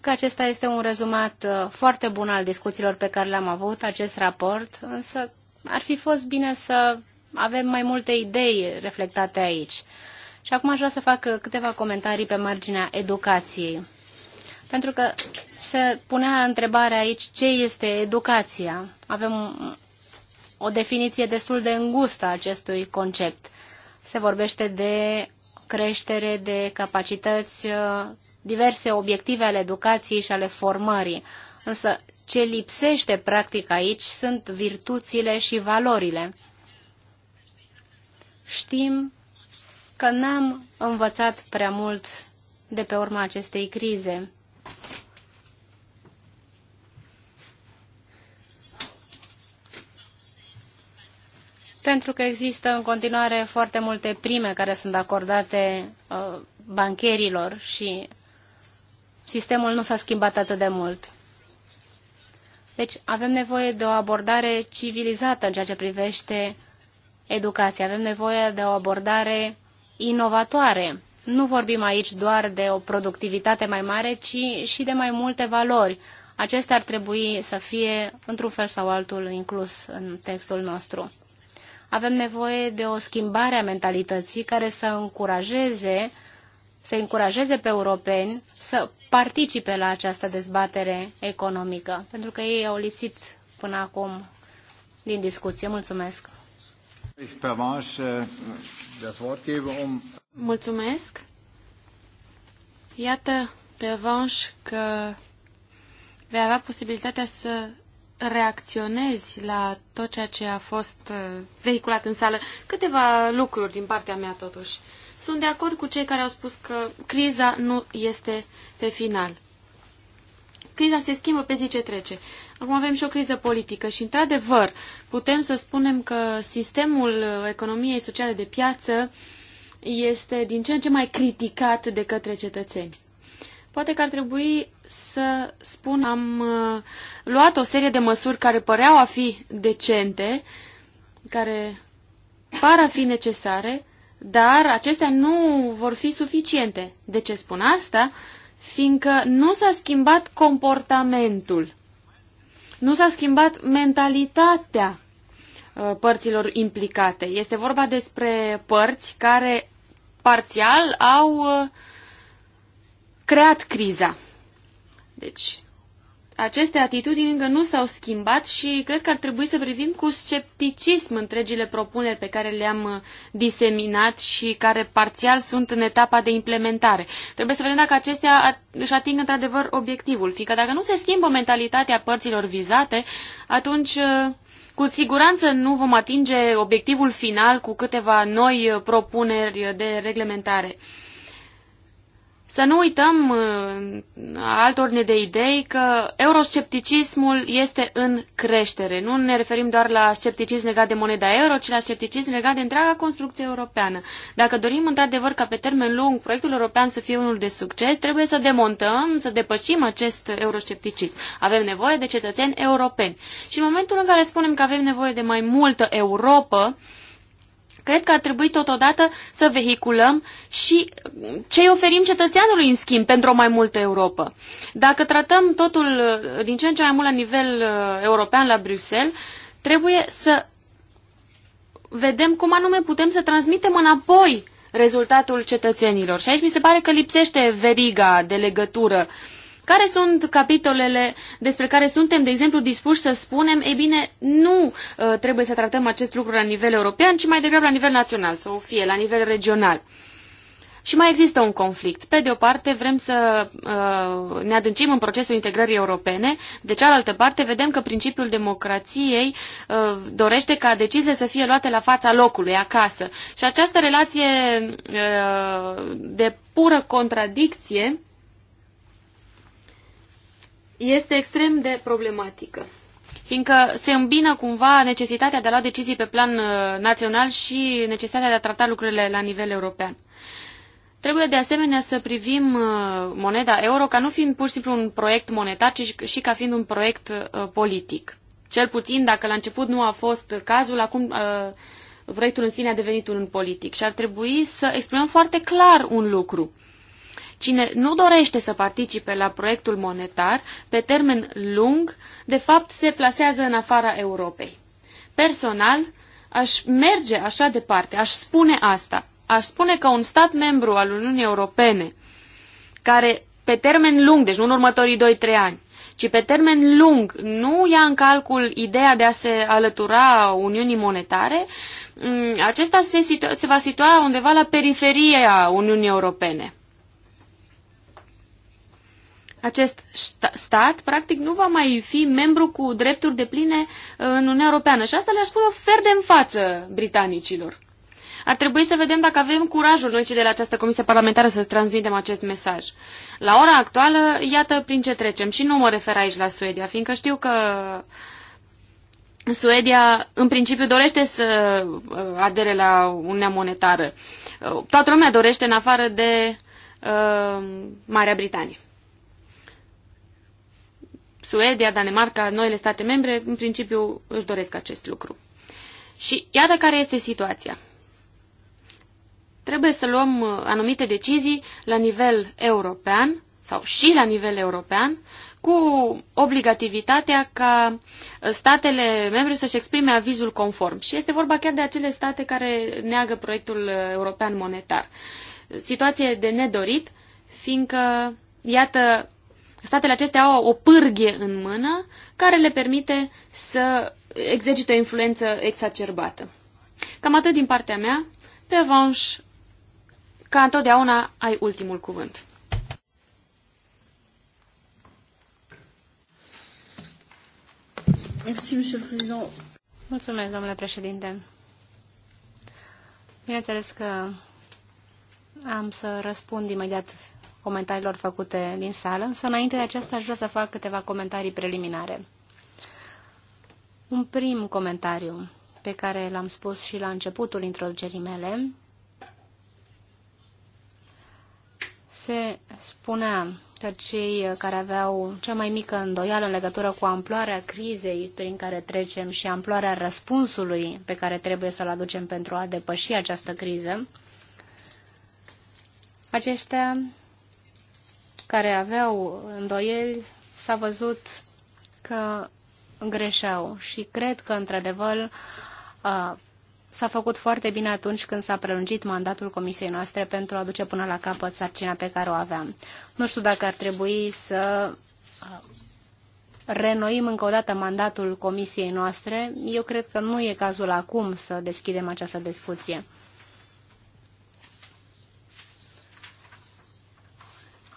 că acesta este un rezumat uh, foarte bun al discuțiilor pe care le-am avut, acest raport, însă ar fi fost bine să avem mai multe idei reflectate aici. Și acum aș vrea să fac câteva comentarii pe marginea educației. Pentru că se punea întrebarea aici ce este educația. Avem o definiție destul de îngustă a acestui concept. Se vorbește de creștere, de capacități, uh, diverse obiective ale educației și ale formării. Însă ce lipsește practic aici sunt virtuțile și valorile. Știm că n-am învățat prea mult de pe urma acestei crize. Pentru că există în continuare foarte multe prime care sunt acordate uh, bancherilor și sistemul nu s-a schimbat atât de mult. Deci avem nevoie de o abordare civilizată în ceea ce privește educația. Avem nevoie de o abordare inovatoare. Nu vorbim aici doar de o productivitate mai mare, ci și de mai multe valori. Acestea ar trebui să fie, într-un fel sau altul, inclus în textul nostru. Avem nevoie de o schimbare a mentalității care să încurajeze uh, să încurajeze pe europeni să participe la această dezbatere economică, pentru că ei au lipsit până acum din discuție. Mulțumesc! Äh, um- Mulțumesc! Iată, pe vanș, că vei avea posibilitatea să reacționezi la tot ceea ce a fost uh, vehiculat în sală. Câteva lucruri din partea mea, totuși. Sunt de acord cu cei care au spus că criza nu este pe final. Criza se schimbă pe zi ce trece. Acum avem și o criză politică și, într-adevăr, putem să spunem că sistemul economiei sociale de piață este din ce în ce mai criticat de către cetățeni. Poate că ar trebui să spun, am uh, luat o serie de măsuri care păreau a fi decente, care par a fi necesare, dar acestea nu vor fi suficiente. De ce spun asta? Fiindcă nu s-a schimbat comportamentul, nu s-a schimbat mentalitatea uh, părților implicate. Este vorba despre părți care parțial au uh, creat criza. Deci aceste atitudini încă nu s-au schimbat și cred că ar trebui să privim cu scepticism întregile propuneri pe care le-am uh, diseminat și care parțial sunt în etapa de implementare. Trebuie să vedem dacă acestea își ating într-adevăr obiectivul, fiindcă dacă nu se schimbă mentalitatea părților vizate, atunci uh, cu siguranță nu vom atinge obiectivul final cu câteva noi uh, propuneri de reglementare. Să nu uităm uh, alt ordine de idei că euroscepticismul este în creștere. Nu ne referim doar la scepticism legat de moneda euro, ci la scepticism legat de întreaga construcție europeană. Dacă dorim într-adevăr ca pe termen lung proiectul european să fie unul de succes, trebuie să demontăm, să depășim acest euroscepticism. Avem nevoie de cetățeni europeni. Și în momentul în care spunem că avem nevoie de mai multă Europa, Cred că ar trebui totodată să vehiculăm și ce îi oferim cetățeanului în schimb pentru o mai multă Europa. Dacă tratăm totul uh, din ce în ce mai mult la nivel uh, european la Bruxelles, trebuie să vedem cum anume putem să transmitem înapoi rezultatul cetățenilor. Și aici mi se pare că lipsește veriga de legătură uh, care sunt capitolele despre care suntem, de exemplu, dispuși să spunem, ei bine, nu uh, trebuie să tratăm acest lucru la nivel european, ci mai degrabă la nivel național sau fie la nivel regional. Și mai există un conflict. Pe de o parte vrem să uh, ne adâncim în procesul integrării europene, de cealaltă parte vedem că principiul democrației uh, dorește ca deciziile să fie luate la fața locului, acasă. Și această relație uh, de pură contradicție este extrem de problematică, fiindcă se îmbină cumva necesitatea de a lua decizii pe plan uh, național și necesitatea de a trata lucrurile la nivel european. Trebuie de asemenea să privim uh, moneda euro ca nu fiind pur și simplu un proiect monetar, ci și ca fiind un proiect uh, politic. Cel puțin, dacă la început nu a fost cazul, acum proiectul în sine a devenit unul politic și ar trebui să exprimăm foarte clar un lucru. Cine nu dorește să participe la proiectul monetar, pe termen lung, de fapt se plasează în afara Europei. Personal, aș merge așa departe, aș spune asta. Aș spune că un stat membru al Uniunii Europene, care pe termen lung, deci nu în următorii 2-3 ani, ci pe termen lung nu ia în calcul ideea de a se alătura Uniunii Monetare, mm, acesta se, situa- se va situa undeva la periferia Uniunii Europene acest stat, practic, nu va mai fi membru cu drepturi de pline uh, în Uniunea Europeană. Și asta le-aș spune fer de în față britanicilor. Ar trebui să vedem dacă avem curajul noi cei de la această comisie parlamentară să transmitem acest mesaj. La ora actuală, iată prin ce trecem. Și nu mă refer aici la Suedia, fiindcă știu că Suedia, în principiu, dorește să uh, adere la Uniunea Monetară. Uh, toată lumea dorește, în afară de uh, Marea Britanie. Suedia, Danemarca, noile state membre, în principiu își doresc acest lucru. Și iată care este situația. Trebuie să luăm uh, anumite decizii la nivel european sau și la nivel european cu obligativitatea ca uh, statele membre să-și exprime avizul conform. Și este vorba chiar de acele state care neagă proiectul uh, european monetar. Situație de nedorit, fiindcă, iată, statele acestea au o pârghie în mână care le permite să exercite o influență exacerbată. Cam atât din partea mea. Pe vanș, ca întotdeauna, ai ultimul cuvânt. Mulțumesc, domnule președinte. Bineînțeles că am să răspund imediat comentariilor făcute din sală, însă înainte de aceasta aș vrea să fac câteva comentarii preliminare. Un prim comentariu pe care l-am spus și la începutul introducerii mele se spunea că cei care aveau cea mai mică îndoială în legătură cu amploarea crizei prin care trecem și amploarea răspunsului pe care trebuie să-l aducem pentru a depăși această criză, aceștia care aveau îndoieli, s-a văzut că greșeau și cred că, într-adevăr, s-a făcut foarte bine atunci când s-a prelungit mandatul comisiei noastre pentru a duce până la capăt sarcina pe care o aveam. Nu știu dacă ar trebui să renoim încă o dată mandatul comisiei noastre. Eu cred că nu e cazul acum să deschidem această discuție.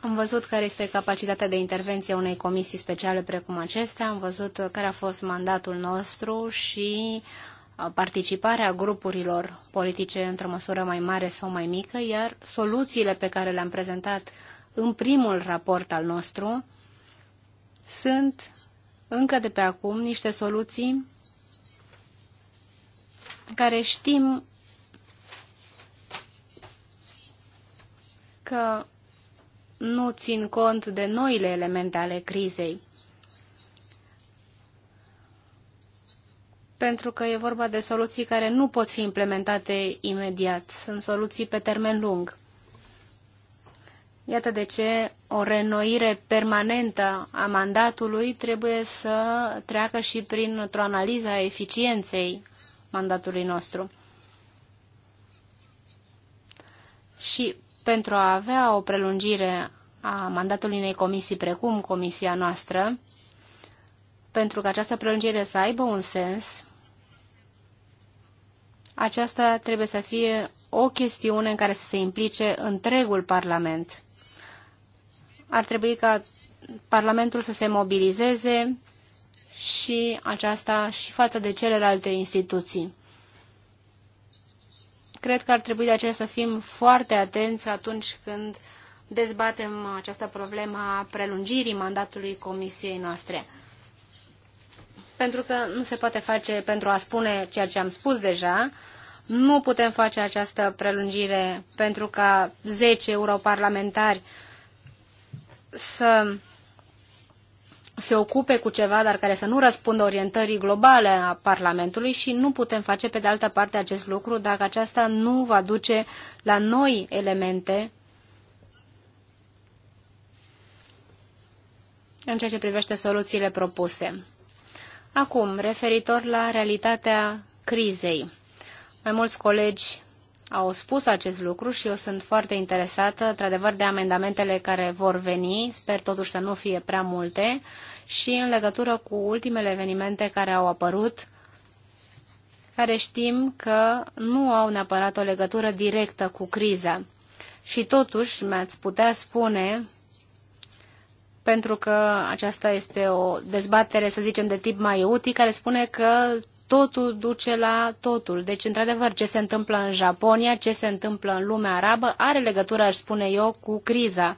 Am văzut care este capacitatea de intervenție unei comisii speciale precum acestea, am văzut care a fost mandatul nostru și uh, participarea grupurilor politice într-o măsură mai mare sau mai mică, iar soluțiile pe care le-am prezentat în primul raport al nostru sunt încă de pe acum niște soluții care știm că nu țin cont de noile elemente ale crizei. Pentru că e vorba de soluții care nu pot fi implementate imediat. Sunt soluții pe termen lung. Iată de ce o renoire permanentă a mandatului trebuie să treacă și printr-o analiză a eficienței mandatului nostru. Și pentru a avea o prelungire a mandatului unei comisii precum comisia noastră, pentru că această prelungire să aibă un sens, aceasta trebuie să fie o chestiune în care să se implice întregul Parlament. Ar trebui ca Parlamentul să se mobilizeze și aceasta și față de celelalte instituții cred că ar trebui de aceea să fim foarte atenți atunci când dezbatem această problemă a prelungirii mandatului comisiei noastre. Pentru că nu se poate face pentru a spune ceea ce am spus deja, nu putem face această prelungire pentru ca 10 europarlamentari să se ocupe cu ceva, dar care să nu răspundă orientării globale a Parlamentului și nu putem face, pe de altă parte, acest lucru dacă aceasta nu va duce la noi elemente în ceea ce privește soluțiile propuse. Acum, referitor la realitatea crizei. Mai mulți colegi au spus acest lucru și eu sunt foarte interesată, într-adevăr, de amendamentele care vor veni. Sper totuși să nu fie prea multe. Și în legătură cu ultimele evenimente care au apărut, care știm că nu au neapărat o legătură directă cu criza. Și totuși mi-ați putea spune, pentru că aceasta este o dezbatere, să zicem, de tip mai util care spune că totul duce la totul. Deci, într-adevăr, ce se întâmplă în Japonia, ce se întâmplă în lumea arabă, are legătură, aș spune eu, cu criza.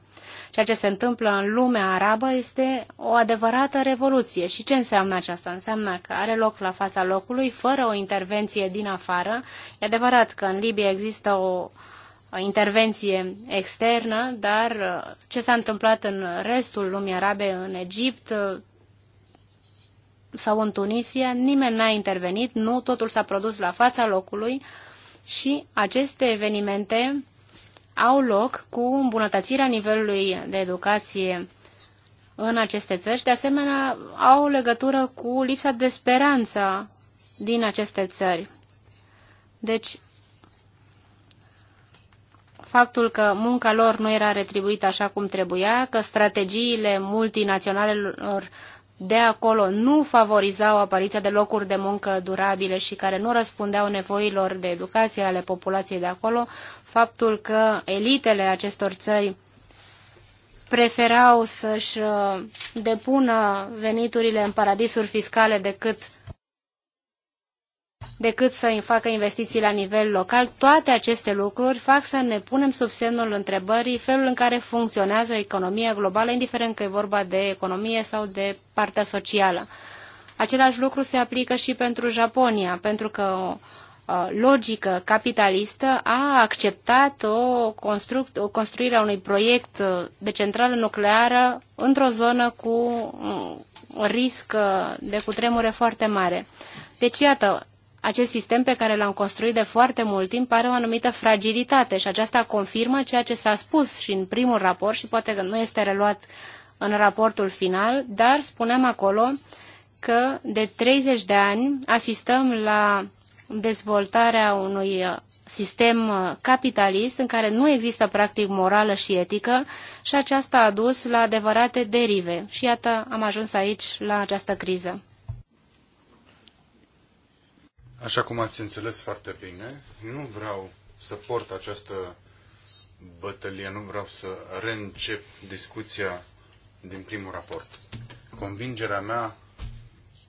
Ceea ce se întâmplă în lumea arabă este o adevărată revoluție. Și ce înseamnă aceasta? Înseamnă că are loc la fața locului, fără o intervenție din afară. E adevărat că în Libia există o intervenție externă, dar ce s-a întâmplat în restul lumii arabe, în Egipt, sau în Tunisia, nimeni n-a intervenit, nu, totul s-a produs la fața locului și aceste evenimente au loc cu îmbunătățirea nivelului de educație în aceste țări de asemenea au legătură cu lipsa de speranță din aceste țări. Deci, faptul că munca lor nu era retribuită așa cum trebuia, că strategiile multinaționalelor de acolo nu favorizau apariția de locuri de muncă durabile și care nu răspundeau nevoilor de educație ale populației de acolo, faptul că elitele acestor țări preferau să-și uh, depună veniturile în paradisuri fiscale decât decât să facă investiții la nivel local. Toate aceste lucruri fac să ne punem sub semnul întrebării felul în care funcționează economia globală, indiferent că e vorba de economie sau de partea socială. Același lucru se aplică și pentru Japonia, pentru că o uh, logică capitalistă a acceptat o, construc, o construire a unui proiect de centrală nucleară într-o zonă cu un uh, risc uh, de cutremure foarte mare. Deci, iată, acest sistem pe care l-am construit de foarte mult timp are o anumită fragilitate și aceasta confirmă ceea ce s-a spus și în primul raport și poate că nu este reluat în raportul final, dar spuneam acolo că de 30 de ani asistăm la dezvoltarea unui uh, sistem uh, capitalist în care nu există practic morală și etică și aceasta a dus la adevărate derive. Și iată, am ajuns aici la această criză. Așa cum ați înțeles foarte bine, nu vreau să port această bătălie, nu vreau să reîncep discuția din primul raport. Convingerea mea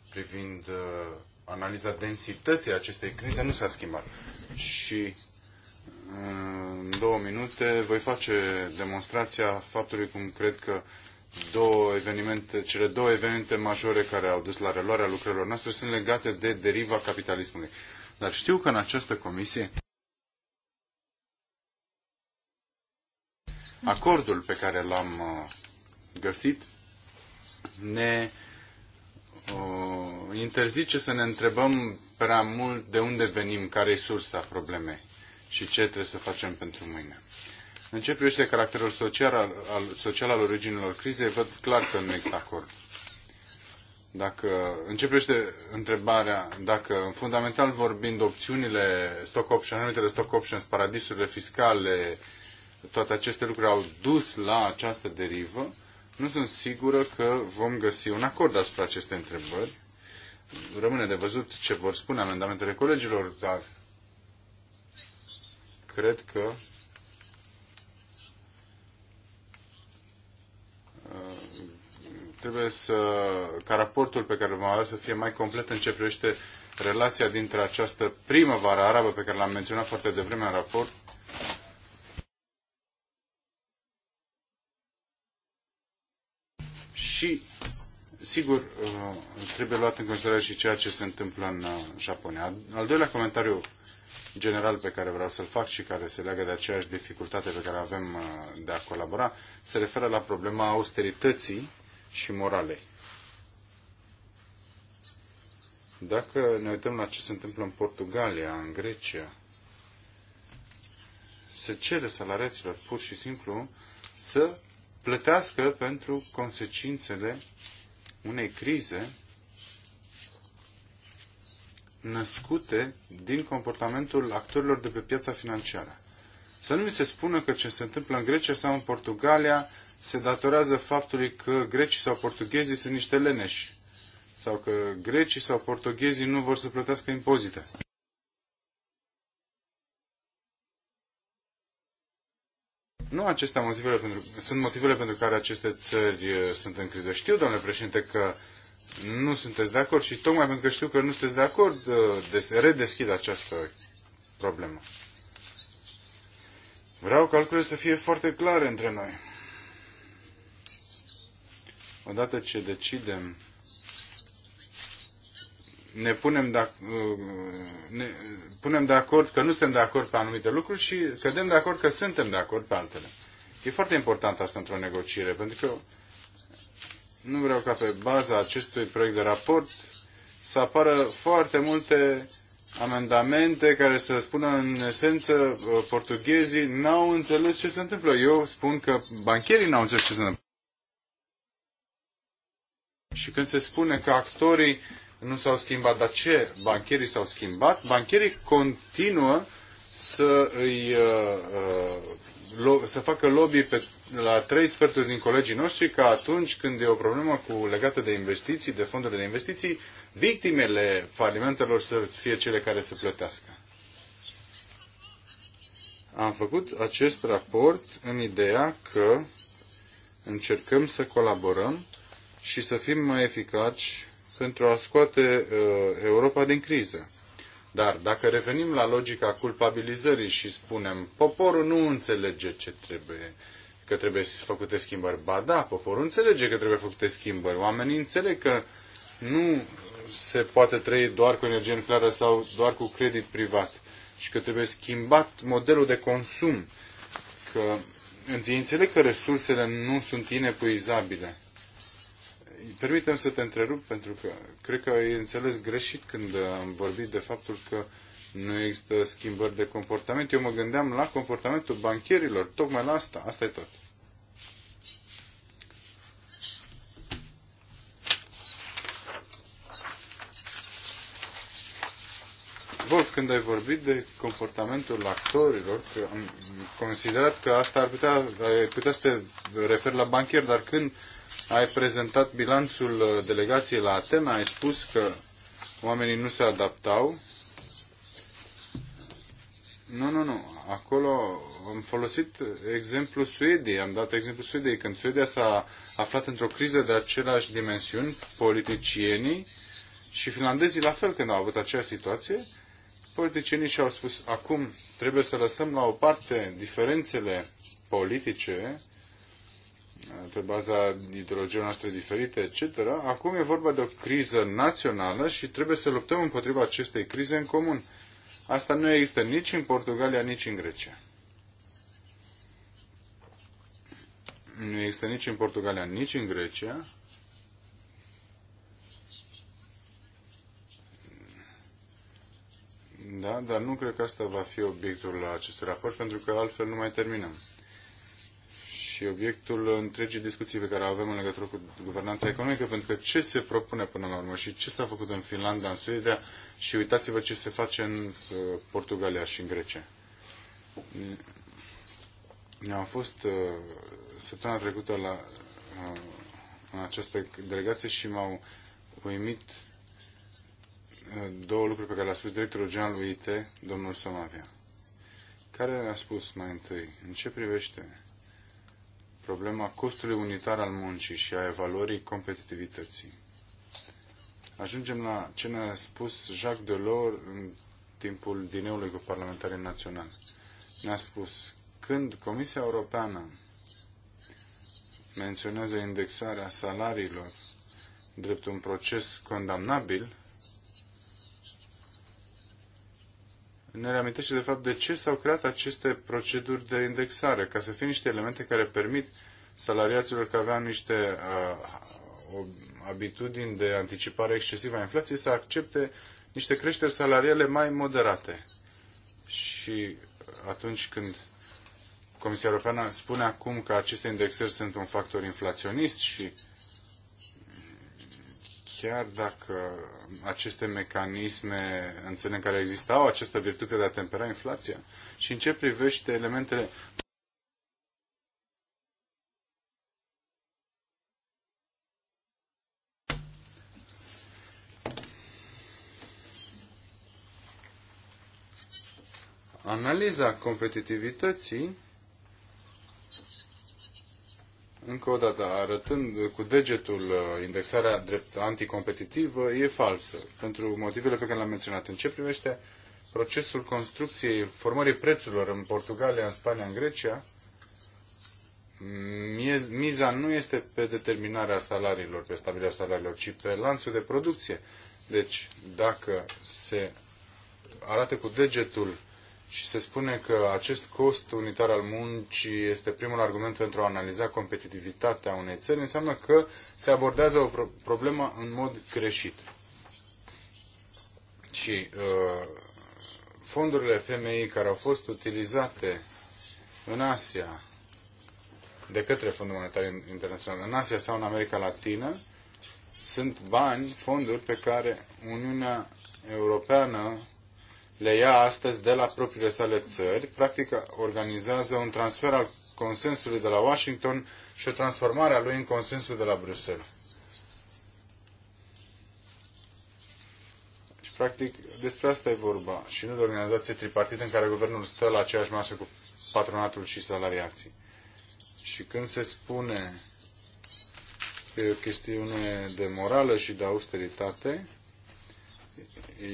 privind uh, analiza densității acestei crize nu s-a schimbat. Și uh, în două minute voi face demonstrația faptului cum cred că două evenimente, cele două evenimente majore care au dus la reluarea lucrărilor noastre sunt legate de deriva capitalismului. Dar știu că în această comisie acordul pe care l-am uh, găsit ne uh, interzice să ne întrebăm prea mult de unde venim, care e sursa problemei și ce trebuie să facem pentru mâine. În ce privește caracterul social al, social al originilor crizei, văd clar că nu există acord. Dacă începește întrebarea dacă, în fundamental vorbind, opțiunile stock option, anumitele stock options, paradisurile fiscale, toate aceste lucruri au dus la această derivă, nu sunt sigură că vom găsi un acord asupra acestei întrebări. Rămâne de văzut ce vor spune amendamentele colegilor, dar cred că trebuie să, ca raportul pe care îl vom avea să fie mai complet în ce privește relația dintre această primăvară arabă pe care l-am menționat foarte devreme în raport și sigur, uh, trebuie luat în considerare și ceea ce se întâmplă în uh, Japonia. Al doilea comentariu general pe care vreau să-l fac și care se leagă de aceeași dificultate pe care avem uh, de a colabora, se referă la problema austerității și morale. Dacă ne uităm la ce se întâmplă în Portugalia, în Grecia, se cere salariaților pur și simplu să plătească pentru consecințele unei crize născute din comportamentul actorilor de pe piața financiară. Să nu mi se spună că ce se întâmplă în Grecia sau în Portugalia se datorează faptului că grecii sau portughezii sunt niște leneși sau că grecii sau portughezii nu vor să plătească impozite. Nu acestea motivele pentru, sunt motivele pentru care aceste țări uh, sunt în criză. Știu, domnule președinte, că nu sunteți de acord și tocmai pentru că știu că nu sunteți de acord, uh, redeschid această problemă. Vreau calculele să fie foarte clare între noi odată ce decidem, ne punem de, uh, ne punem de acord că nu suntem de acord pe anumite lucruri și cădem de acord că suntem de acord pe altele. E foarte important asta într-o negociere, pentru că nu vreau ca pe baza acestui proiect de raport să apară foarte multe amendamente care să spună în esență uh, portughezii n-au înțeles ce se întâmplă. Eu spun că bancherii n-au înțeles ce se întâmplă. Și când se spune că actorii nu s-au schimbat, dar ce? Bancherii s-au schimbat? Bancherii continuă să îi uh, uh, să facă lobby pe, la trei sferturi din colegii noștri ca atunci când e o problemă cu legată de investiții, de fondurile de investiții, victimele falimentelor să fie cele care să plătească. Am făcut acest raport în ideea că încercăm să colaborăm și să fim mai eficaci pentru a scoate uh, Europa din criză. Dar dacă revenim la logica culpabilizării și spunem poporul nu înțelege ce trebuie, că trebuie făcute schimbări. Ba da, poporul înțelege că trebuie făcute schimbări. Oamenii înțeleg că nu se poate trăi doar cu energie nucleară sau doar cu credit privat și că trebuie schimbat modelul de consum, că înțeleg că resursele nu sunt inepuizabile Permitem să te întrerup pentru că cred că ai înțeles greșit când am vorbit de faptul că nu există schimbări de comportament. Eu mă gândeam la comportamentul bancherilor, tocmai la asta, asta e tot. Wolf, când ai vorbit de comportamentul actorilor, că am considerat că asta ar putea, ai putea să te referi la banchier, dar când ai prezentat bilanțul uh, delegației la Atena, ai spus că oamenii nu se adaptau. Nu, nu, nu. Acolo am folosit exemplul Suediei. Am dat exemplul Suediei. Când Suedia s-a aflat într-o criză de aceleași dimensiuni, politicienii și finlandezii la fel când au avut aceeași situație, politicienii și-au spus acum trebuie să lăsăm la o parte diferențele politice pe baza ideologiei noastre diferite, etc. Acum e vorba de o criză națională și trebuie să luptăm împotriva acestei crize în comun. Asta nu există nici în Portugalia, nici în Grecia. Nu există nici în Portugalia, nici în Grecia. da, dar nu cred că asta va fi obiectul la acest raport, pentru că altfel nu mai terminăm. Și obiectul întregii discuții pe care avem în legătură cu guvernanța economică, pentru că ce se propune până la urmă și ce s-a făcut în Finlanda, în Suedia și uitați-vă ce se face în uh, Portugalia și în Grecia. ne am fost uh, săptămâna trecută la uh, în această delegație și m-au uimit două lucruri pe care le-a spus directorul general UIT, domnul Somavia, care le a spus mai întâi, în ce privește problema costului unitar al muncii și a evaluării competitivității. Ajungem la ce ne-a spus Jacques Delors în timpul dineului cu parlamentarii naționali. Ne-a spus, când Comisia Europeană menționează indexarea salariilor drept un proces condamnabil, ne reamintește de fapt de ce s-au creat aceste proceduri de indexare, ca să fie niște elemente care permit salariaților care aveau niște uh, abitudini de anticipare excesivă a inflației să accepte niște creșteri salariale mai moderate. Și atunci când Comisia Europeană spune acum că aceste indexări sunt un factor inflaționist și chiar dacă aceste mecanisme în care existau, această virtute de a tempera inflația. Și în ce privește elementele Analiza competitivității încă o dată, arătând cu degetul uh, indexarea drept anticompetitivă, e falsă, pentru motivele pe care le-am menționat. În ce privește procesul construcției, formării prețurilor în Portugalia, în Spania, în Grecia, miza nu este pe determinarea salariilor, pe stabilirea salariilor, ci pe lanțul de producție. Deci, dacă se arată cu degetul și se spune că acest cost unitar al muncii este primul argument pentru a analiza competitivitatea unei țări, înseamnă că se abordează o pro problemă în mod greșit. Și uh, fondurile FMI care au fost utilizate în Asia de către Fondul Monetar Internațional în Asia sau în America Latină sunt bani, fonduri pe care Uniunea Europeană le ia astăzi de la propriile sale țări, practic organizează un transfer al consensului de la Washington și o transformare a lui în consensul de la Bruxelles. Și practic despre asta e vorba și nu de organizație tripartită în care guvernul stă la aceeași masă cu patronatul și salariații. Și când se spune că e o chestiune de morală și de austeritate,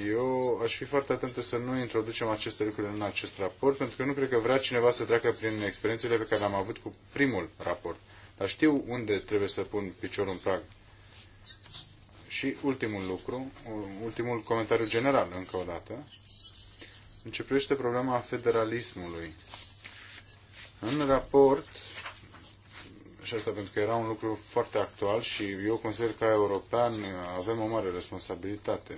eu aș fi foarte atentă să nu introducem aceste lucruri în acest raport, pentru că nu cred că vrea cineva să treacă prin experiențele pe care le-am avut cu primul raport. Dar știu unde trebuie să pun piciorul în prag. Și ultimul lucru, ultimul comentariu general, încă o dată, începește problema federalismului. În raport, și asta pentru că era un lucru foarte actual și eu consider că ca european avem o mare responsabilitate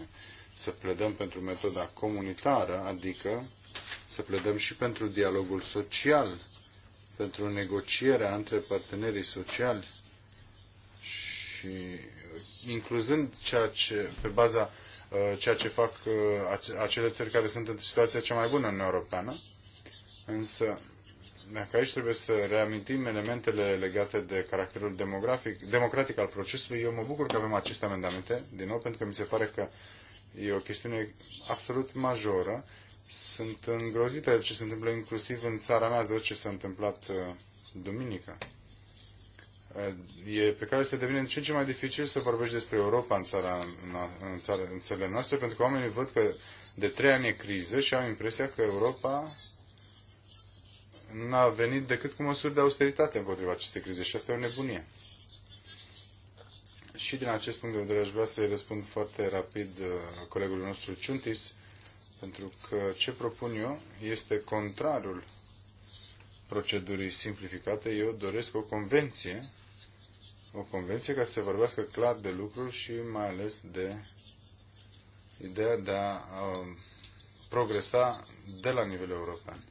să pledăm pentru metoda comunitară, adică să pledăm și pentru dialogul social, pentru negocierea între partenerii sociali și incluzând ceea ce, pe baza uh, ceea ce fac uh, acele țări care sunt în situația cea mai bună în Europeană. Însă, dacă aici trebuie să reamintim elementele legate de caracterul demografic, democratic al procesului, eu mă bucur că avem aceste amendamente, din nou, pentru că mi se pare că E o chestiune absolut majoră. Sunt îngrozită de ce se întâmplă inclusiv în țara mea, de ce s-a întâmplat uh, duminică. Uh, e pe care se devine în ce ce mai dificil să vorbești despre Europa în, țara, în, țara, în țările noastre, pentru că oamenii văd că de trei ani e criză și au impresia că Europa n-a venit decât cu măsuri de austeritate împotriva acestei crize și asta e o nebunie și din acest punct de vedere aș vrea să-i răspund foarte rapid uh, colegului nostru Ciuntis, pentru că ce propun eu este contrarul procedurii simplificate. Eu doresc o convenție, o convenție care să se vorbească clar de lucruri și mai ales de ideea de a, um, progresa de la nivel european.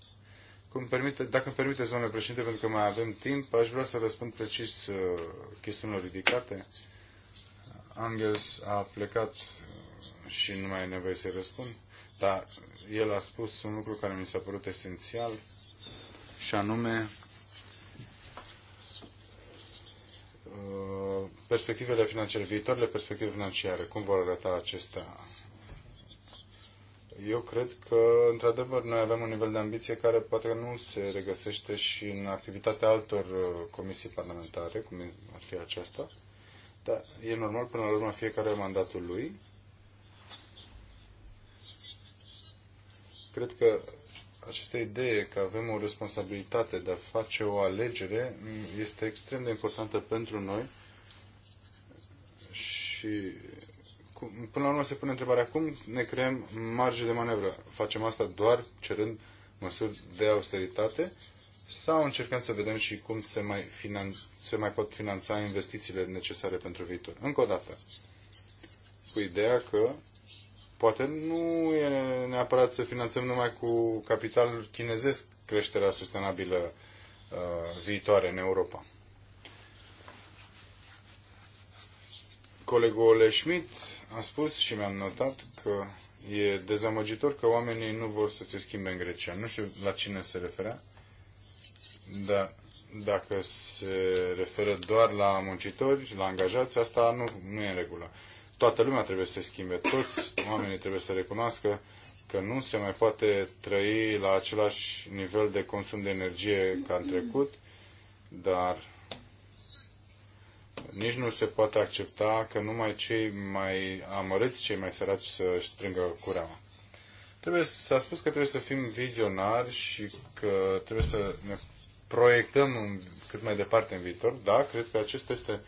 Cum permite, dacă îmi permiteți, domnule președinte, pentru că mai avem timp, aș vrea să răspund precis uh, chestiunilor ridicate. Angels a plecat uh, și nu mai e nevoie să-i răspund, dar el a spus un lucru care mi s-a părut esențial și anume uh, perspectivele financiare, viitoarele perspective financiare, cum vor arăta acestea? Eu cred că, într-adevăr, noi avem un nivel de ambiție care poate că nu se regăsește și în activitatea altor uh, comisii parlamentare, cum ar fi aceasta. Dar e normal până la urmă fiecare mandatul lui. Cred că această idee că avem o responsabilitate de a face o alegere este extrem de importantă pentru noi și până la urmă se pune întrebarea cum ne creăm marge de manevră. Facem asta doar cerând măsuri de austeritate sau încercăm să vedem și cum se mai finanțează se mai pot finanța investițiile necesare pentru viitor. Încă o dată, cu ideea că poate nu e neapărat să finanțăm numai cu capital chinezesc creșterea sustenabilă uh, viitoare în Europa. Colegul Ole Schmidt a spus și mi-am notat că e dezamăgitor că oamenii nu vor să se schimbe în Grecia. Nu știu la cine se referea, dar dacă se referă doar la muncitori, la angajați, asta nu, nu e în regulă. Toată lumea trebuie să se schimbe, toți oamenii trebuie să recunoască că nu se mai poate trăi la același nivel de consum de energie ca în trecut, dar nici nu se poate accepta că numai cei mai amărâți, cei mai săraci să strângă cureaua. Trebuie, s-a spus că trebuie să fim vizionari și că trebuie să ne proiectăm cât mai departe în viitor. Da, cred că acesta este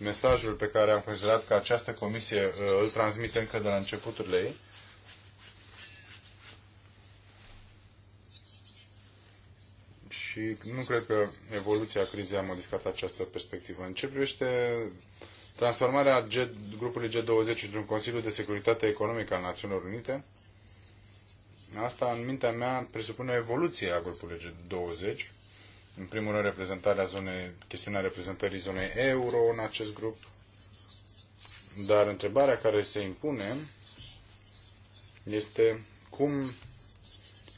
mesajul pe care am considerat că această comisie uh, îl transmite încă de la începuturile ei. și nu cred că evoluția crizei a modificat această perspectivă. În ce privește transformarea G, grupului G20 într-un Consiliu de Securitate Economică al Națiunilor Unite, asta, în mintea mea, presupune evoluția grupului G20 în primul rând, reprezentarea zonei, chestiunea reprezentării zonei euro în acest grup. Dar întrebarea care se impune este cum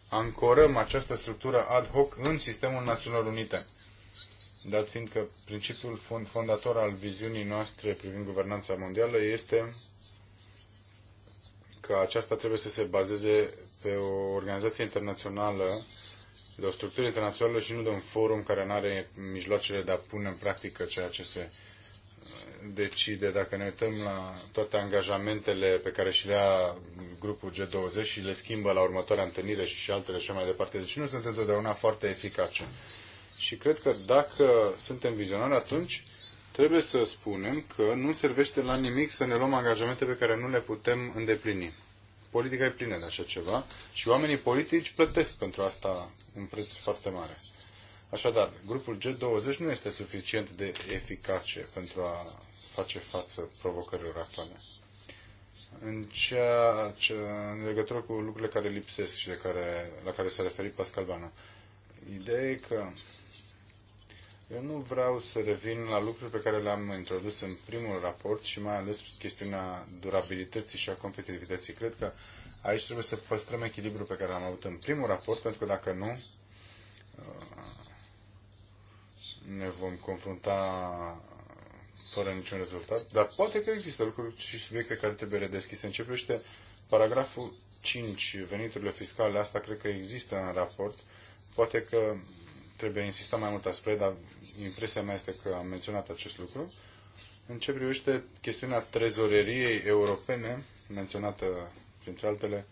ancorăm această structură ad hoc în sistemul Națiunilor Unite. Dat fiindcă principiul fondator al viziunii noastre privind guvernanța mondială este că aceasta trebuie să se bazeze pe o organizație internațională de o structură internațională și nu de un forum care nu are mijloacele de a pune în practică ceea ce se uh, decide. Dacă ne uităm la toate angajamentele pe care și le a grupul G20 și le schimbă la următoarea întâlnire și altele și mai departe, deci nu sunt întotdeauna foarte eficace. Și cred că dacă suntem vizionari, atunci trebuie să spunem că nu servește la nimic să ne luăm angajamente pe care nu le putem îndeplini politica e plină de așa ceva și oamenii politici plătesc pentru asta un preț foarte mare. Așadar, grupul G20 nu este suficient de eficace pentru a face față provocărilor actuale. În, ceea ce, în legătură cu lucrurile care lipsesc și de care, la care s-a referit Pascal Bana, ideea e că eu nu vreau să revin la lucruri pe care le-am introdus în primul raport și mai ales chestiunea durabilității și a competitivității. Cred că aici trebuie să păstrăm echilibrul pe care l-am avut în primul raport, pentru că dacă nu, uh, ne vom confrunta fără niciun rezultat. Dar poate că există lucruri și subiecte care trebuie redeschise. Începește paragraful 5, veniturile fiscale. Asta cred că există în raport. Poate că trebuie insista mai mult asupra dar impresia mea este că am menționat acest lucru. În ce privește chestiunea trezoreriei europene, menționată printre altele,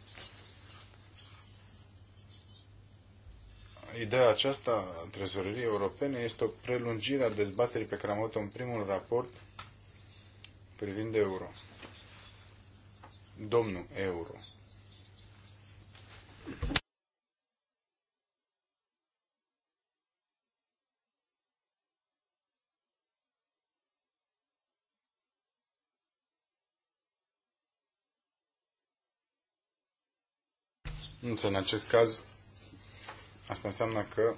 ideea aceasta a trezoreriei europene este o prelungire a dezbaterii pe care am avut-o în primul raport privind euro. Domnul euro. Însă, în acest caz, asta înseamnă că,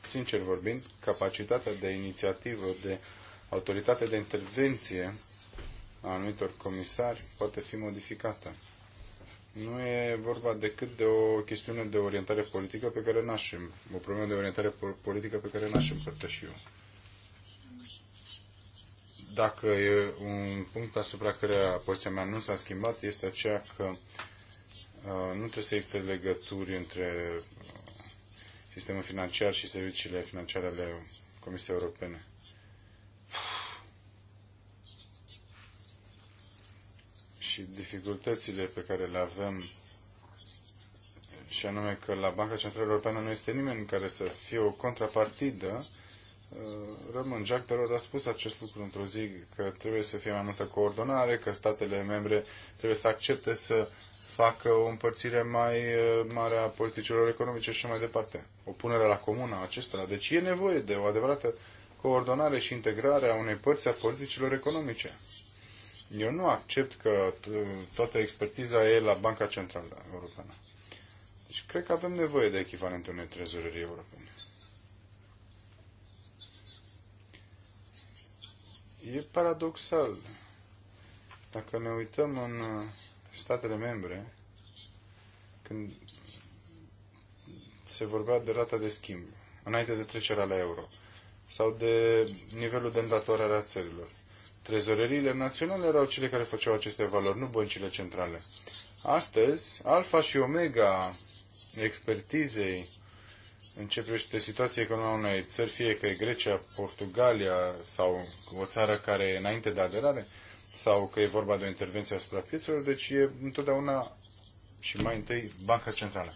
sincer vorbind, capacitatea de inițiativă, de autoritate de intervenție a anumitor comisari poate fi modificată. Nu e vorba decât de o chestiune de orientare politică pe care nașem, o problemă de orientare politică pe care nașem aș împărtăși eu. Dacă e un punct asupra care poziția mea nu s-a schimbat, este aceea că Uh, nu trebuie să existe legături între uh, sistemul financiar și serviciile financiare ale Comisiei Europene. Și dificultățile pe care le avem și anume că la Banca Centrală Europeană nu este nimeni care să fie o contrapartidă. Rămân, Jack Perot a spus acest lucru într-o zi, că trebuie să fie mai multă coordonare, că statele membre trebuie să accepte să facă o împărțire mai eh, mare a politicilor economice și mai departe. O punere la comună a acestora. Deci e nevoie de o adevărată coordonare și integrare a unei părți a politicilor economice. Eu nu accept că toată expertiza e la Banca Centrală Europeană. Deci cred că avem nevoie de echivalentul unei trezorerii europene. E paradoxal. Dacă ne uităm în eh, statele membre, când se vorbea de rata de schimb, înainte de trecerea la euro, sau de nivelul de îndatorare a țărilor. Trezoreriile naționale erau cele care făceau aceste valori, nu băncile centrale. Astăzi, alfa și omega expertizei în ce privește situația economică a unei țări, fie că e Grecia, Portugalia sau o țară care e înainte de aderare, sau că e vorba de o intervenție asupra piețelor, deci e întotdeauna și mai întâi Banca Centrală.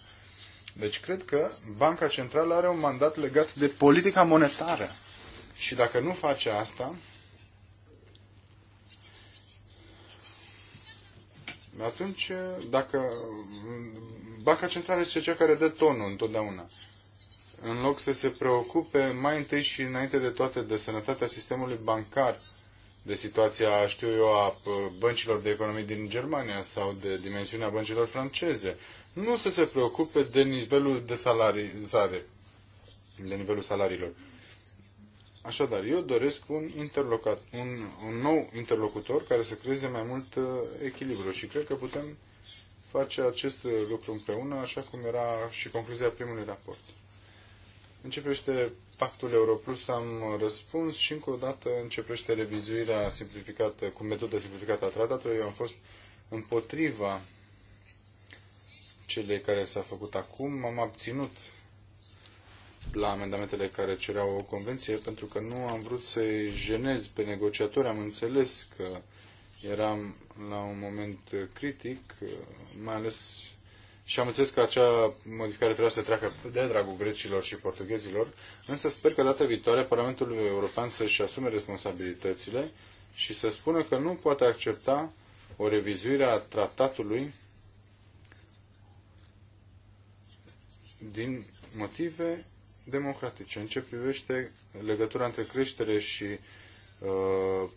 Deci cred că Banca Centrală are un mandat legat de politica monetară. Și dacă nu face asta, atunci dacă Banca Centrală este cea care dă tonul întotdeauna. În loc să se preocupe mai întâi și înainte de toate de sănătatea sistemului bancar, de situația, știu eu, a băncilor de economii din Germania sau de dimensiunea băncilor franceze. Nu să se preocupe de nivelul de salarizare, de nivelul salariilor. Așadar, eu doresc un, interlocat, un, un nou interlocutor care să creeze mai mult uh, echilibru și cred că putem face acest lucru împreună, așa cum era și concluzia primului raport. Începește pactul Europlus, am răspuns și încă o dată începește revizuirea simplificată, cu metoda simplificată a tratatului. Eu am fost împotriva celei care s-a făcut acum. M-am abținut la amendamentele care cereau o convenție pentru că nu am vrut să-i jenez pe negociatori. Am înțeles că eram la un moment critic, mai ales și am înțeles că acea modificare trebuie să treacă de dragul grecilor și portughezilor, însă sper că data viitoare Parlamentul European să-și asume responsabilitățile și să spună că nu poate accepta o revizuire a tratatului din motive democratice. În ce privește legătura între creștere și uh,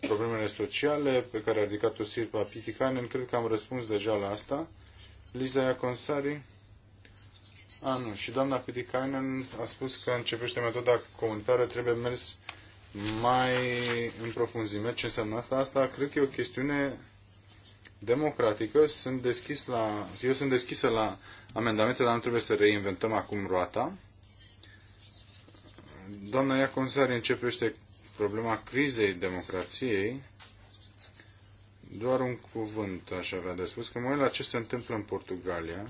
problemele sociale pe care a ridicat-o Sirpa Piticanen, cred că am răspuns deja la asta. Liza Iaconsari? A, nu. Și doamna Pidikainen a spus că începește metoda comunitară, trebuie mers mai în profunzime. Ce înseamnă asta? Asta cred că e o chestiune democratică. Sunt deschis la, eu sunt deschisă la amendamente, dar nu trebuie să reinventăm acum roata. Doamna Iaconsari începește problema crizei democrației doar un cuvânt aș avea de spus, că mă la ce se întâmplă în Portugalia.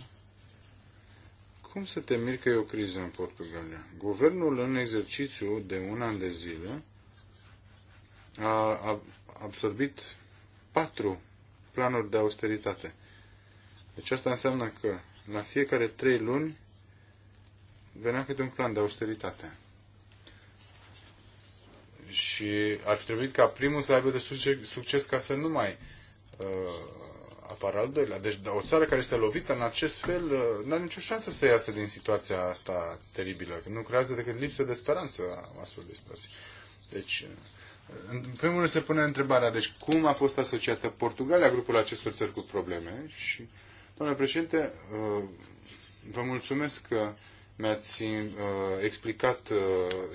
Cum să te miri că e o criză în Portugalia? Guvernul în exercițiu de un an de zile a absorbit patru planuri de austeritate. Deci asta înseamnă că la fiecare trei luni venea câte un plan de austeritate. Și ar fi trebuit ca primul să aibă de succes ca să nu mai Uh, apare al doilea. Deci o țară care este lovită în acest fel uh, nu are nicio șansă să iasă din situația asta teribilă, că nu creează decât lipsă de speranță astfel de situații. Deci, uh, în primul rând se pune întrebarea, deci cum a fost asociată Portugalia grupul acestor țări cu probleme și, domnule președinte, vă mulțumesc că mi-ați uh, explicat uh,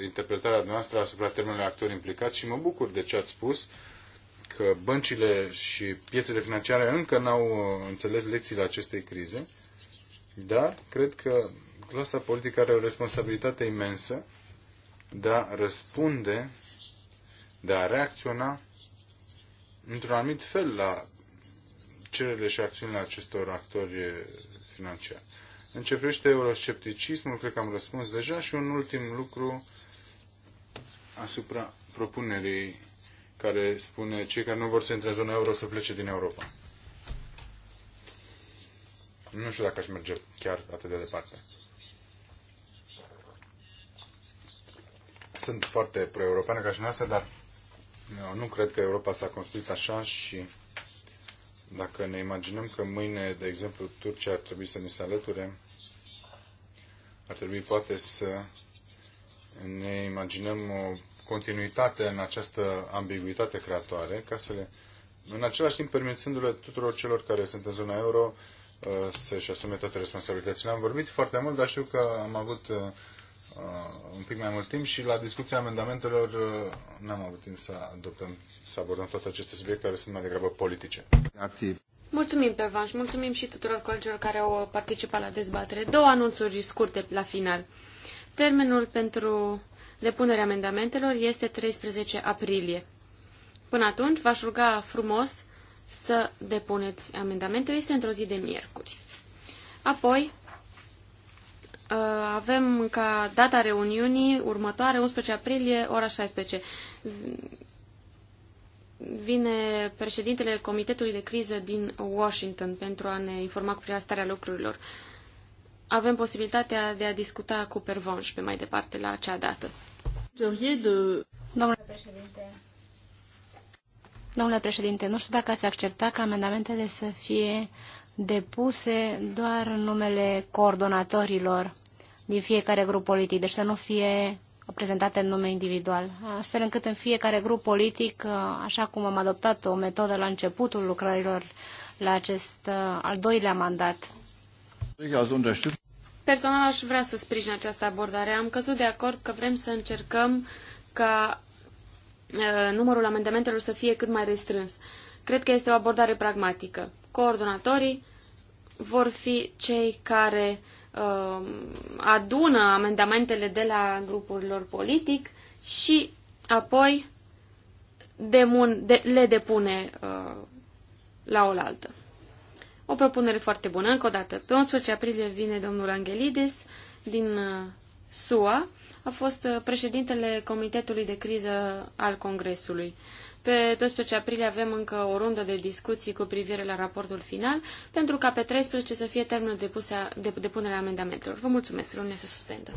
interpretarea noastră asupra termenului actori implicați și mă bucur de ce ați spus că băncile și piețele financiare încă n-au uh, înțeles lecțiile acestei crize, dar cred că clasa politică are o responsabilitate imensă de a răspunde, de a reacționa într-un anumit fel la cererile și acțiunile acestor actori financiari. În ce privește euroscepticismul, cred că am răspuns deja și un ultim lucru asupra propunerii care spune cei care nu vor să intre în zona euro să plece din Europa. Nu știu dacă aș merge chiar atât de departe. Sunt foarte pro-europeană ca și noastră, dar eu nu cred că Europa s-a construit așa și dacă ne imaginăm că mâine, de exemplu, Turcia ar trebui să ni se alăture, ar trebui poate să ne imaginăm o continuitate în această ambiguitate creatoare, ca să le, în același timp permițându-le tuturor celor care sunt în zona euro uh, să-și asume toate responsabilitățile. Am vorbit foarte mult, dar știu că am avut uh, uh, un pic mai mult timp și la discuția amendamentelor n-am avut timp să adoptăm, să abordăm toate aceste subiecte care sunt mai degrabă politice. Activ. Mulțumim, Pervan, și mulțumim și tuturor colegilor care au participat la dezbatere. Două anunțuri scurte la final. Termenul pentru Depunerea amendamentelor este 13 aprilie. Până atunci, v-aș ruga frumos să depuneți amendamentele. Este într-o zi de miercuri. Apoi, uh, avem ca data reuniunii următoare, 11 aprilie, ora 16. Vine președintele Comitetului de Criză din Washington pentru a ne informa cu privire starea lucrurilor avem posibilitatea de a discuta cu Pervonș pe mai departe la acea dată. Domnule președinte, Domnule președinte, nu știu dacă ați accepta ca amendamentele să fie depuse doar în numele coordonatorilor din fiecare grup politic, deci să nu fie prezentate în nume individual, astfel încât în fiecare grup politic, așa cum am adoptat o metodă la începutul lucrărilor la acest al doilea mandat Personal aș vrea să sprijin această abordare. Am căzut de acord că vrem să încercăm ca numărul amendamentelor să fie cât mai restrâns. Cred că este o abordare pragmatică. Coordonatorii vor fi cei care uh, adună amendamentele de la grupurilor politic și apoi demun, de, le depune uh, la oaltă. O propunere foarte bună, încă o dată. Pe 11 aprilie vine domnul Angelidis din uh, SUA, a fost uh, președintele Comitetului de Criză al Congresului. Pe 12 aprilie avem încă o rundă de discuții cu privire la raportul final, pentru ca pe 13 să fie termenul de depunerea amendamentelor. Vă mulțumesc, rămâne să suspendă.